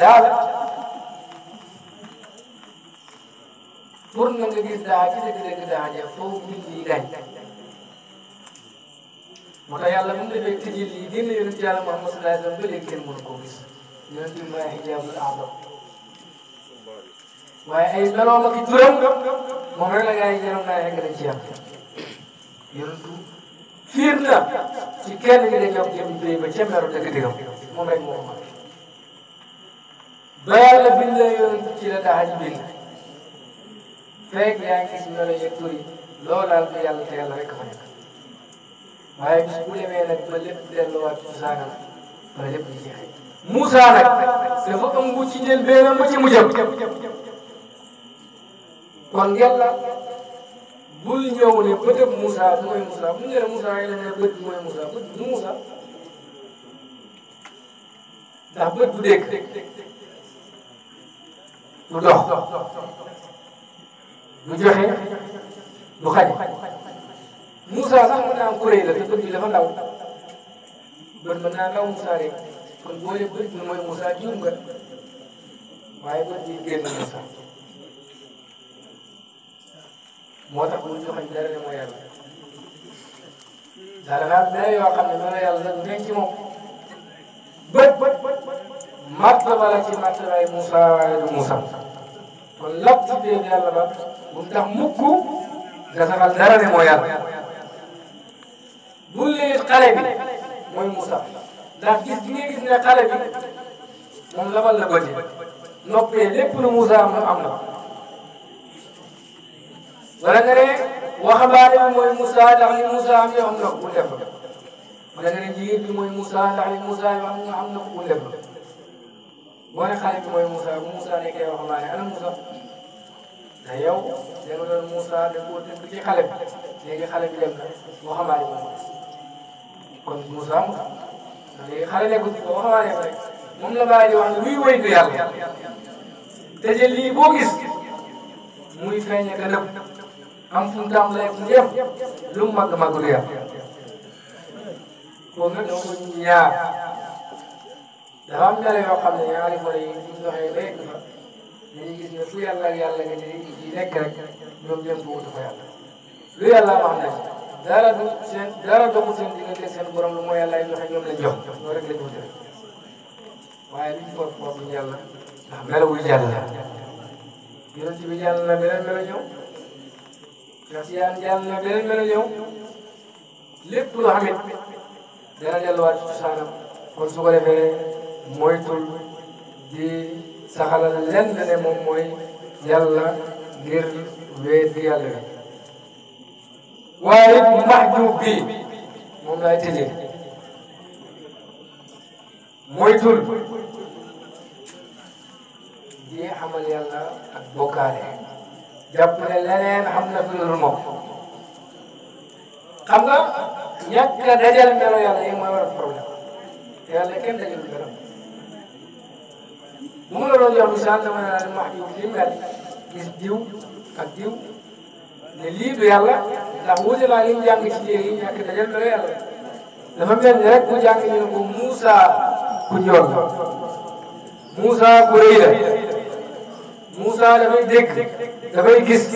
daa la pour na nga gis daa ci dëgg-dëgg daa ja moo tax yàlla bu mu defee tëjil yi génn yonent yàlla Muhammad sallallahu alayhi wa sallam ba léegi bi mooy ay meloom ak i ci yàlla yonentu fiir na ci kenn ñi dañoo am ca meru dëgg-dëggam moom rek moo ko mën ba yàlla bind la ci la daa ji bind fekk yaa ngi gis melo yeeg tur yi loolu daal yàlla te yàlla rek fa nekk waaye bis bu demee nag di jeexee Moussa nag dafa ëmb ci jël benn ba ci mu jëm kon yàlla bul ñëw ne bëtëb Moussa mooy Moussa bu ñu ne Moussa ay la ne bët mooy Moussa sax mën naa am kuréel la te bët bi dafa ndaw bët mën naa ndaw Moussa rek kon boole bët bi mooy Moussa juum nga waaye bët bi génn moo tax bu ñu joxoon dara ne mooy naa dara yoo xam ne dara yàlla nag denc moom bët bët bët martaba la ci martabaay Moussa waaye du Moussa kon lab ci tax mukk nga saxal dara ne bu leen xale bi mooy Moussa ndax gis gi nga gis ne xale bi moom labal na goje noppee lépp lu Moussa am am na wala nga ne waxambaane bi mooy Moussa ndax li Moussa am yoo am na ko def wala nga ne jigéen bi mooy Moussa ndax li Moussa yoo am am na ko def boo ne xale bi mooy Moussa bu Moussa nekkee waxambaane ana Moussa te yow da nga doon Moussa da koo tënk ci xale bi xale bi dem na waxambaane moom mooy kon Moussa léegi xale nekkul ci waxambaane rek moom la bàyyi di wax ne jël lii boo muy feeñ ak nëb am fu mu tàmbalee fu mu yem lu mu màgg màgg du yàlla boobu nag da ko ñaar dafa am xam ne ñaari mbir yi ñu doxee ne fu yàlla nekk rek ñoom ñoom bëggu ko yàlla lu yàlla wax ne dara du seen dara doomu seen diggante seen borom mooy yàlla yi joxe ñoom lañ jox loolu rek lañ wute waaye li ñu foog foog ñu yàlla ndax melawul yàlla yonent bi jàll na beneen melo ñëw ndax yaan jàll na beneen melo ñëw lépp lu xam it dana delluwaat ci cosaanam kon su ko defee moytul di saxalal lenn ne moom mooy yàlla ngir wéet yàlla bi waaye mahjub bi moom laay tëjee moytul di xamal yàlla ak bokkaale jàpp ne leneen xam na fi lu moom xam nga ñàkk a dajal melo war a problème kenn dajal melo bu ma la doon jox misaal dama ne la wax lii mel gis diw ak diw ne lii du yàlla ndax wuute laa lim jàng ci téere yi ñàkk dajal dara yàlla dafa mel ni rek bu jàng ñu ne ko gis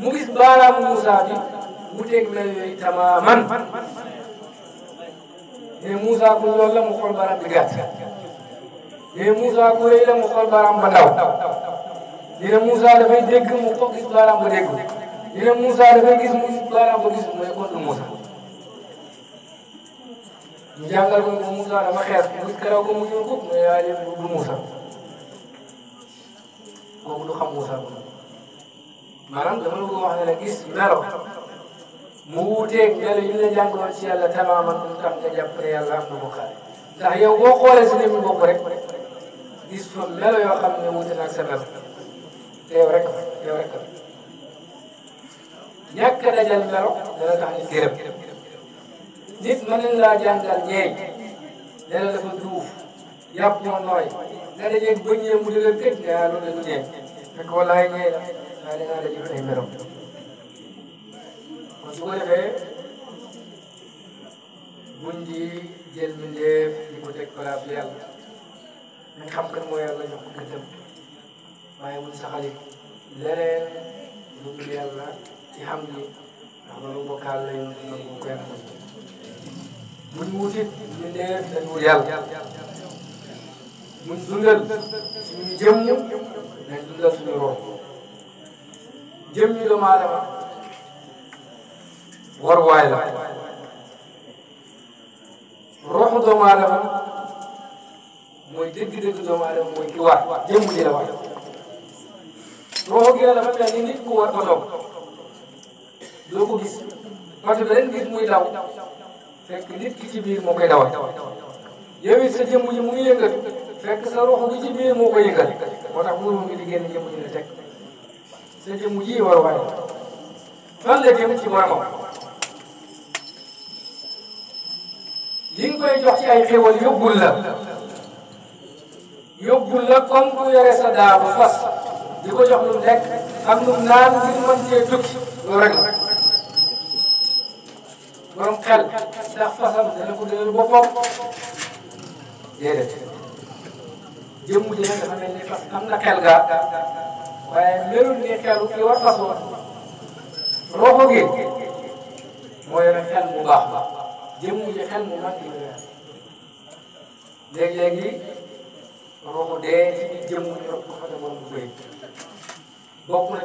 mu gis baaraamu Moussa bi mu teg mel yooyu tamaaman ne Moussa ku njool la mu xool baaraam bi gàtt léegi Moussa ku rëy la mu xool baaraam ba ndaw dina Moussa dafay dégg mu ko gis baaraam ba dégg gis mu gis baaraam ba gis mooy kon du Moussa. ñu jàngal ko ne Moussa dafa xees mu gis karaw mu ñuul ko mais yaa def du Moussa kooku du xam Moussa maanaam dama la ko wax ne la gis melo mu wuuteeg melo yi la jàngoon ci yàlla tamaaman tam nga jàpp ne yàlla am na ko xaar ndax yow boo xoolee si ne mu bokk rek. gis fa melo yoo xam ne wuute naa sa melo te yow rek yow rek ñàkk dajal melo dana nit gërëm nit mën nañ laa ñeeñ ne la dafa duuf yàpp ñoo nooy nga dajeeg bëñ yee mu dëgër nga yaa loolu ñeeñ fekk walaay ñeeñ la waaye da ngaa dajul ay melo kon su ko defee buñ di nañ xam kan mooy yàlla jox ko gëddam bàyyiwul saxali leneen lu dul yàlla ci xam ni ndax loolu bokkaal lay nangu ko yàlla buñ wutit ñu neef dañ wut yàlla buñ dundal suñu jëmm nañ dundal suñu rox jëm ñu doomu aadama war waay la roxu doomu aadama mooy dégg-dégg doomu aadama mooy ki waat jëmm ji la waat roxo gi la dafa mel ni nit ku war ko daw doo ko gis parce que ren gis muy daw fekk nit ki ci moo koy dawal yow it sa jëmm ji mu ngi fekk sa roxo gi ci moo koy yëngal moo tax mënu ngi di génn ji la teg sa jëmm ji war a waay fan la jëm ci boromam li nga koy jox ci ay xéwal yóbbul la yóbbu la comme ku yore sa daaba fas di jox lu lekk ak naan ngir mën cee tukki loolu rek la borom xel ndax fasam dana ko dëgër boppam déedéet jëmm ji nag dafa mel ni am na xel gaa waaye melul ni xelu ki war fas woon roxo gi moo yore xel mu baax jëmm ji xel mu mag yi léeg-léegi roomu dee ci jëmm ñu rëbb ko fa ne moom bu bëri bokk na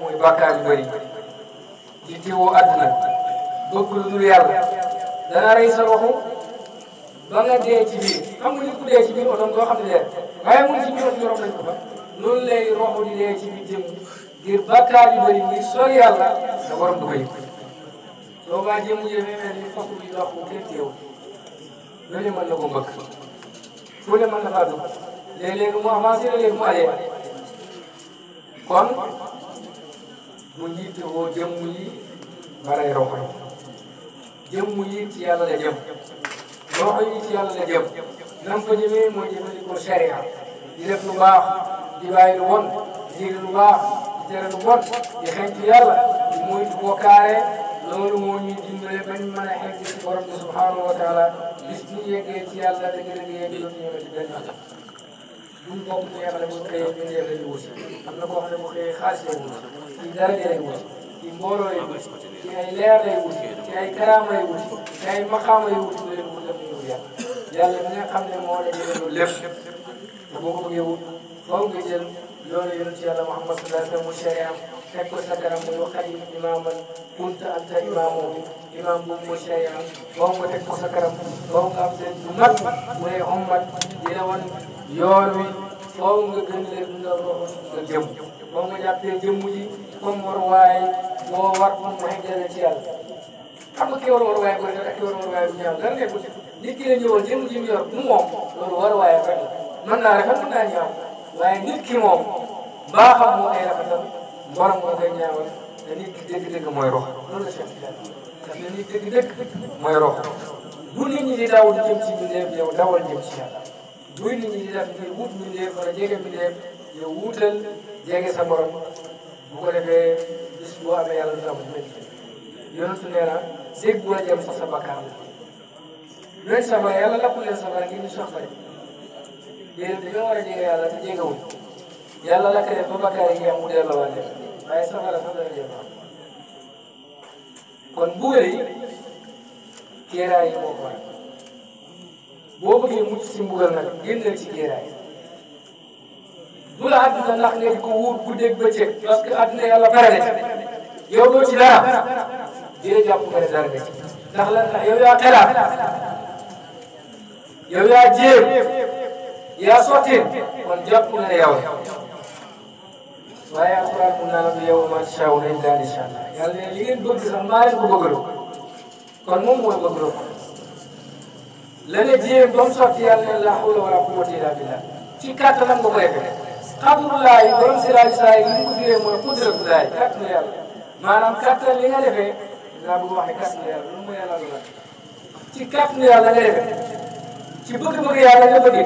mooy bàkkaar bëri di teewoo àdduna bëgg lu dul yàlla dana rey sa waxu ba dee ci biir xam nga di dee ci jëmm ngir bàkkaar bëri ngir sori yàlla da waram du koy jëmm jëmee mel ni fokk bi dox bu kenn teew loolu na ko mbëkk fu ne mën na faa dugg léeg-léeg mu avancé léeg-léeg mu kon mu njiit woo jëmm yi baray roxo yi jëmm yi ci yàlla la jëm roxo yi ci yàlla la jëm nam ko jëmee mooy jëfandikoo sharia di def lu baax di bàyyi lu won di lu baax di tere lu bon di xeeñ ci yàlla di moytu bokkaale loolu moo ñuy dimbale bañ mën a egg ci borom bi subhaanahu wa taala bis bu ñu yeggee ci yàlla da gën a yegg doon ñëwati benn duñ bokk ci yàlla bu xëyee ñu def lañu wuti am na koo xam ne bu xëyee xaalis lay wuti ci daraja lay wuti ci mbooloo lay wuti ci ay leer lay wuti ci ay karaama lay wuti ci ay maqaama lay wuti leen pour def ñu yàlla yàlla mi nga xam ne moo la jëlee loolu lépp boo ko bëggee wut faw nga jël loolu yonent yàlla Muhammad sallallahu alayhi wa sallam mu teg ko sa kanam muy wax xalifa imaaman kunta anta imaamu imaam boobu mooy Cheikh Yane boo ko teg ko sa kanam boo ko am seen du mat mu ne ummat di la wan yoon wi foo nga gën leen nga roxo sa jëm boo nga jàppee jëmm ji comme war waay boo war ko mu xeggale ci yàlla xam nga ki war war waay bu rafet ak ki war war waay bu ñaaw lan ngay ko nit ki la ñëwoon jëmm ji mu yor bu moom loolu war waay rek mën naa rafet mën naa ñaaw waaye nit ki moom baaxam moo ay rafetal borom moo koy ñaawal te nit ki dëgg-dëgg mooy rox loolu la Cheikh Tidiane parce que nit dëgg-dëgg mooy rox ñi di daw di jëm ci mbindeef yow dawal jëm ci yàlla bu ñi di def wut mbindeef wala jege jege sa borom bu ko defee bis boo amee yàlla dina ko métti yonentu nee sa bakkaar la leen war a jege yàlla te yàlla la ko def ba bakkaar yi mu delloo leen waaye safara sax dana delloo kon mbugal yi kéeraay yi moo ko waral boo bëggee mucc si mbugal nag génnal ci kéeraay bu la àdduna ndax nga ko wuur guddeeg bëccëg parce que àdduna yàlla bare ndax lan ndax yaa xelaat yow yaa jéem yaa sottee kon jàpp nga ne yow waaye alquran mun naa la bu yow man chaaw rek daal incha allah yàlla ne li ngeen bëgg sax maa leen ko bëggaloo kon moom mooy bëggaloo ko la ne jéem ba mu sotti yàlla ne la hawla wala quwwata illa billah ci kattanam nga ko defee xadrullahi borom siraaj saa yi li mu ko firee mooy qudratullahi kattanu yàlla maanaam kattan li nga defee laa bëgg wax ne kattanu yàlla lu mu yàlla lu la ci kattanu yàlla nga defee ci bëgg-bëgg yàlla nga bëggee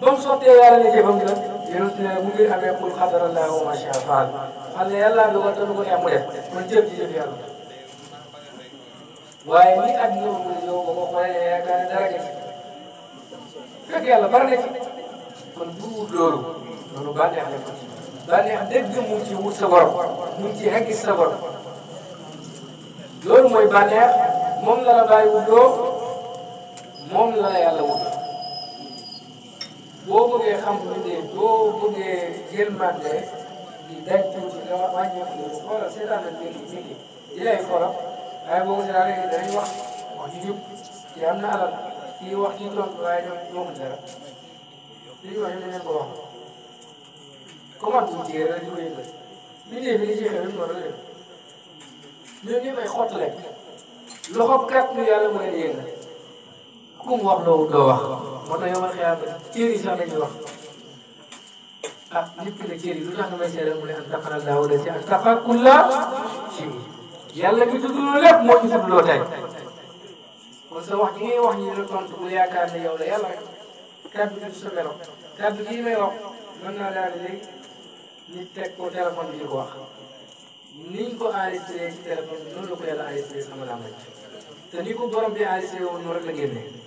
ba mu sottee yàlla ne jëfam la yonent ne mu ngi amee qul qadarallaahu wa maa shaa faal xam ne yàlla dogal te lu ko neex mu def kon jëf ji jëf waaye ni ak ñoom yow boo ko xoolee yaakaar ne dara yàlla bari kon bu wut loolu loolu bànneex la ko ci mu ngi ci wut sa mu ngi ci xegg sa borom loolu mooy bànneex moom la la bàyyi wut moom la la yàlla wut boo bëggee xam bu dee boo bëggee jël màtte di daj tuuti nga wàññeeku loolu xoolal seetaan na mbir mi di lay xoolal waaye boobu si daal dañuy wax wax ju jub ci am na alal kii wax ci tontu waaye ñoom ñoo dara ñu wax ñu ko wax comment bu jiyee rek ñu koy yëngal li dee fi li ci xew ñu war a def ñun ñu may xottale loxo kat ñu yàlla mu leen yëngal ku mu wax loolu doo wax moo tax yow ma xëyaat cër yi sax dañuy wax ah nit ki ne cër yi lu tax damay seede mu ne an taqara laahu la si an taqa kulla ci yàlla mi tudd loolu lépp moo ci tudd loo tey kon sa wax ji ngay wax ñu ne tontu bu yaakaar ne yow la yàlla rek kàddu gi du sa melo kàddu gi may wax mën naa daal di léegi nit teg ko téléphone bi di ko wax niñ ko enregistré ci téléphone bi noonu la ko yàlla enregistré sama làmbañ te ni ko borom bi enregistré woon noonu rek la génnee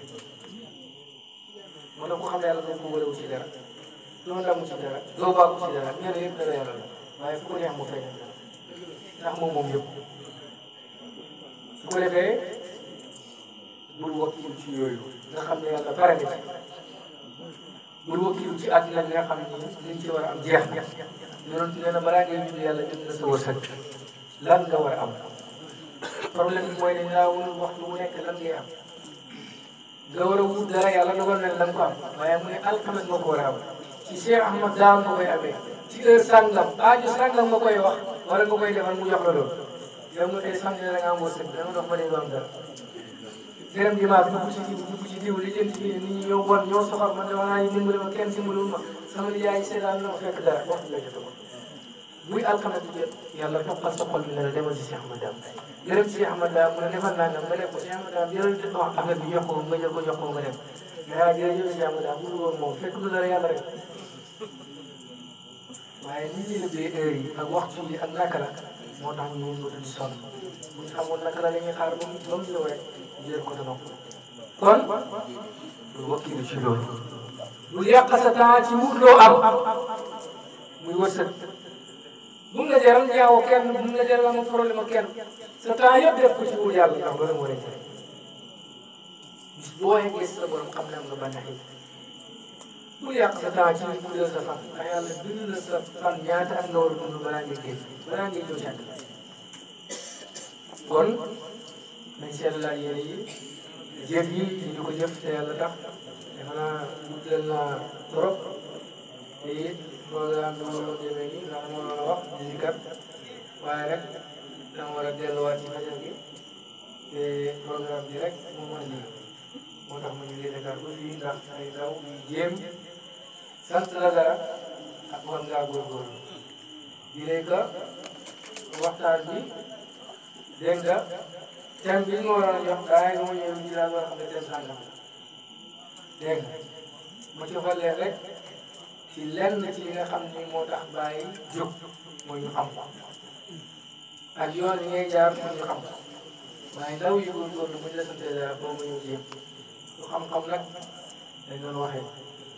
mu ne ku xam yàlla doo la waaye ko neex mu feeñ ndax moom moom yëpp su nga xam ne yàlla bare na ci bul wakkilu ci àddina nga xam ni liñ ci war a am jeex yonent nee na balaa ngay bind yàlla war a am problème bi mooy dañ laa wunul wax lu mu nekk nga war a wut dara yàlla dogal na la nga ko am waaye mu ne alxames nga ko war a am ci Cheikh Ahmad Daam nga koy amee ci heure sàngam aajo sàngam nga koy wax wala nga koy defal mu jox la loolu yow nga tey sànq ne la nga am wërsëg danga dox ba dee doon dara gërëm di maa dugg ci diw dugg ci diw li jëm ci nit ñi ñoo bon ñoo soxal man dama naa ñu dimbali ma kenn dimbalul ma sama nijaay seetaan na ma fekk dara waxtu la jotuma muy alxames bi jot yàlla toppal sa xol bi la demal si Cheikh Ahmad Dame gërëm si Cheikh Ahmad Dame mu ne defal naa nga nga def ko Cheikh Ahmad Dame jërëjëf di wax affaire bi jox ko nga jël ko jox ko nga def mais jërëjëf Cheikh Ahmad Dame bu dul woon moom fekk du dara yàlla rek waaye ni ñuy liggéey heure yi ak waxtu bi ak naka la moo tax ñu mën di sonn bu ñu xamoon naka la la ñuy xaar ba mu ba mu ñëw rek ñu jël ko dana ko kon lu wakkilu ci loolu lu yàq sa temps ci wut loo am muy wërsëg bu mu la jaral ñaawoo kenn bu mu la jaral amul problème ak kenn sa temps yëpp def ko ci wóor yàlla ndax loolu moo lay jaral bis boo yeggee sa borom xam ne am nga bànneex bul yàq sa temps ci li guddal sa fan ndax yàlla bind na sa fan ñaata ak nga war a dund balaa ngay génn balaa ngay jóg jàng kon nañ seetlaat yére yi jëf yi ñu ko jëf te yàlla tax defe naa guddal naa trop te it loolu daal dama ko jëlee nii ndax mënoon a di kat waaye rek dama war a delluwaat ci xajal gi te programme bi rek mu mën a moo tax ma ñu leen a ba fii ndax ay ndaw ñu jéem sant la ak war ngaa góorgóorlu di ne que waxtaan bi dégg nga thème bi ñu waroon a jox daaye dama ñëw ñu daal war a xam ma ci xollee rek. ci lenn ci li nga xam ni moo tax bàyyi jóg mooy ñu xam ko ak yoon yi ngay jaar mooy ñu xam ko waaye la santee dara boobu ñu jéem lu xam-xam nag dañ doon waxee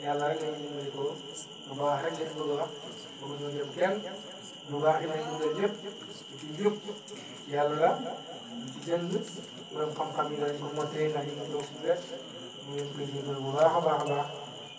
yàlla rek lañu dimbali ko bu baax rek wax bëgg ñoo jëm kenn bu baax yi may dugal ñëpp ci jub yàlla la ci jënd borom xam-xam yi dañ ko mottee ndax ñu ngi doon suñu wet ñu ngi koy dimbali a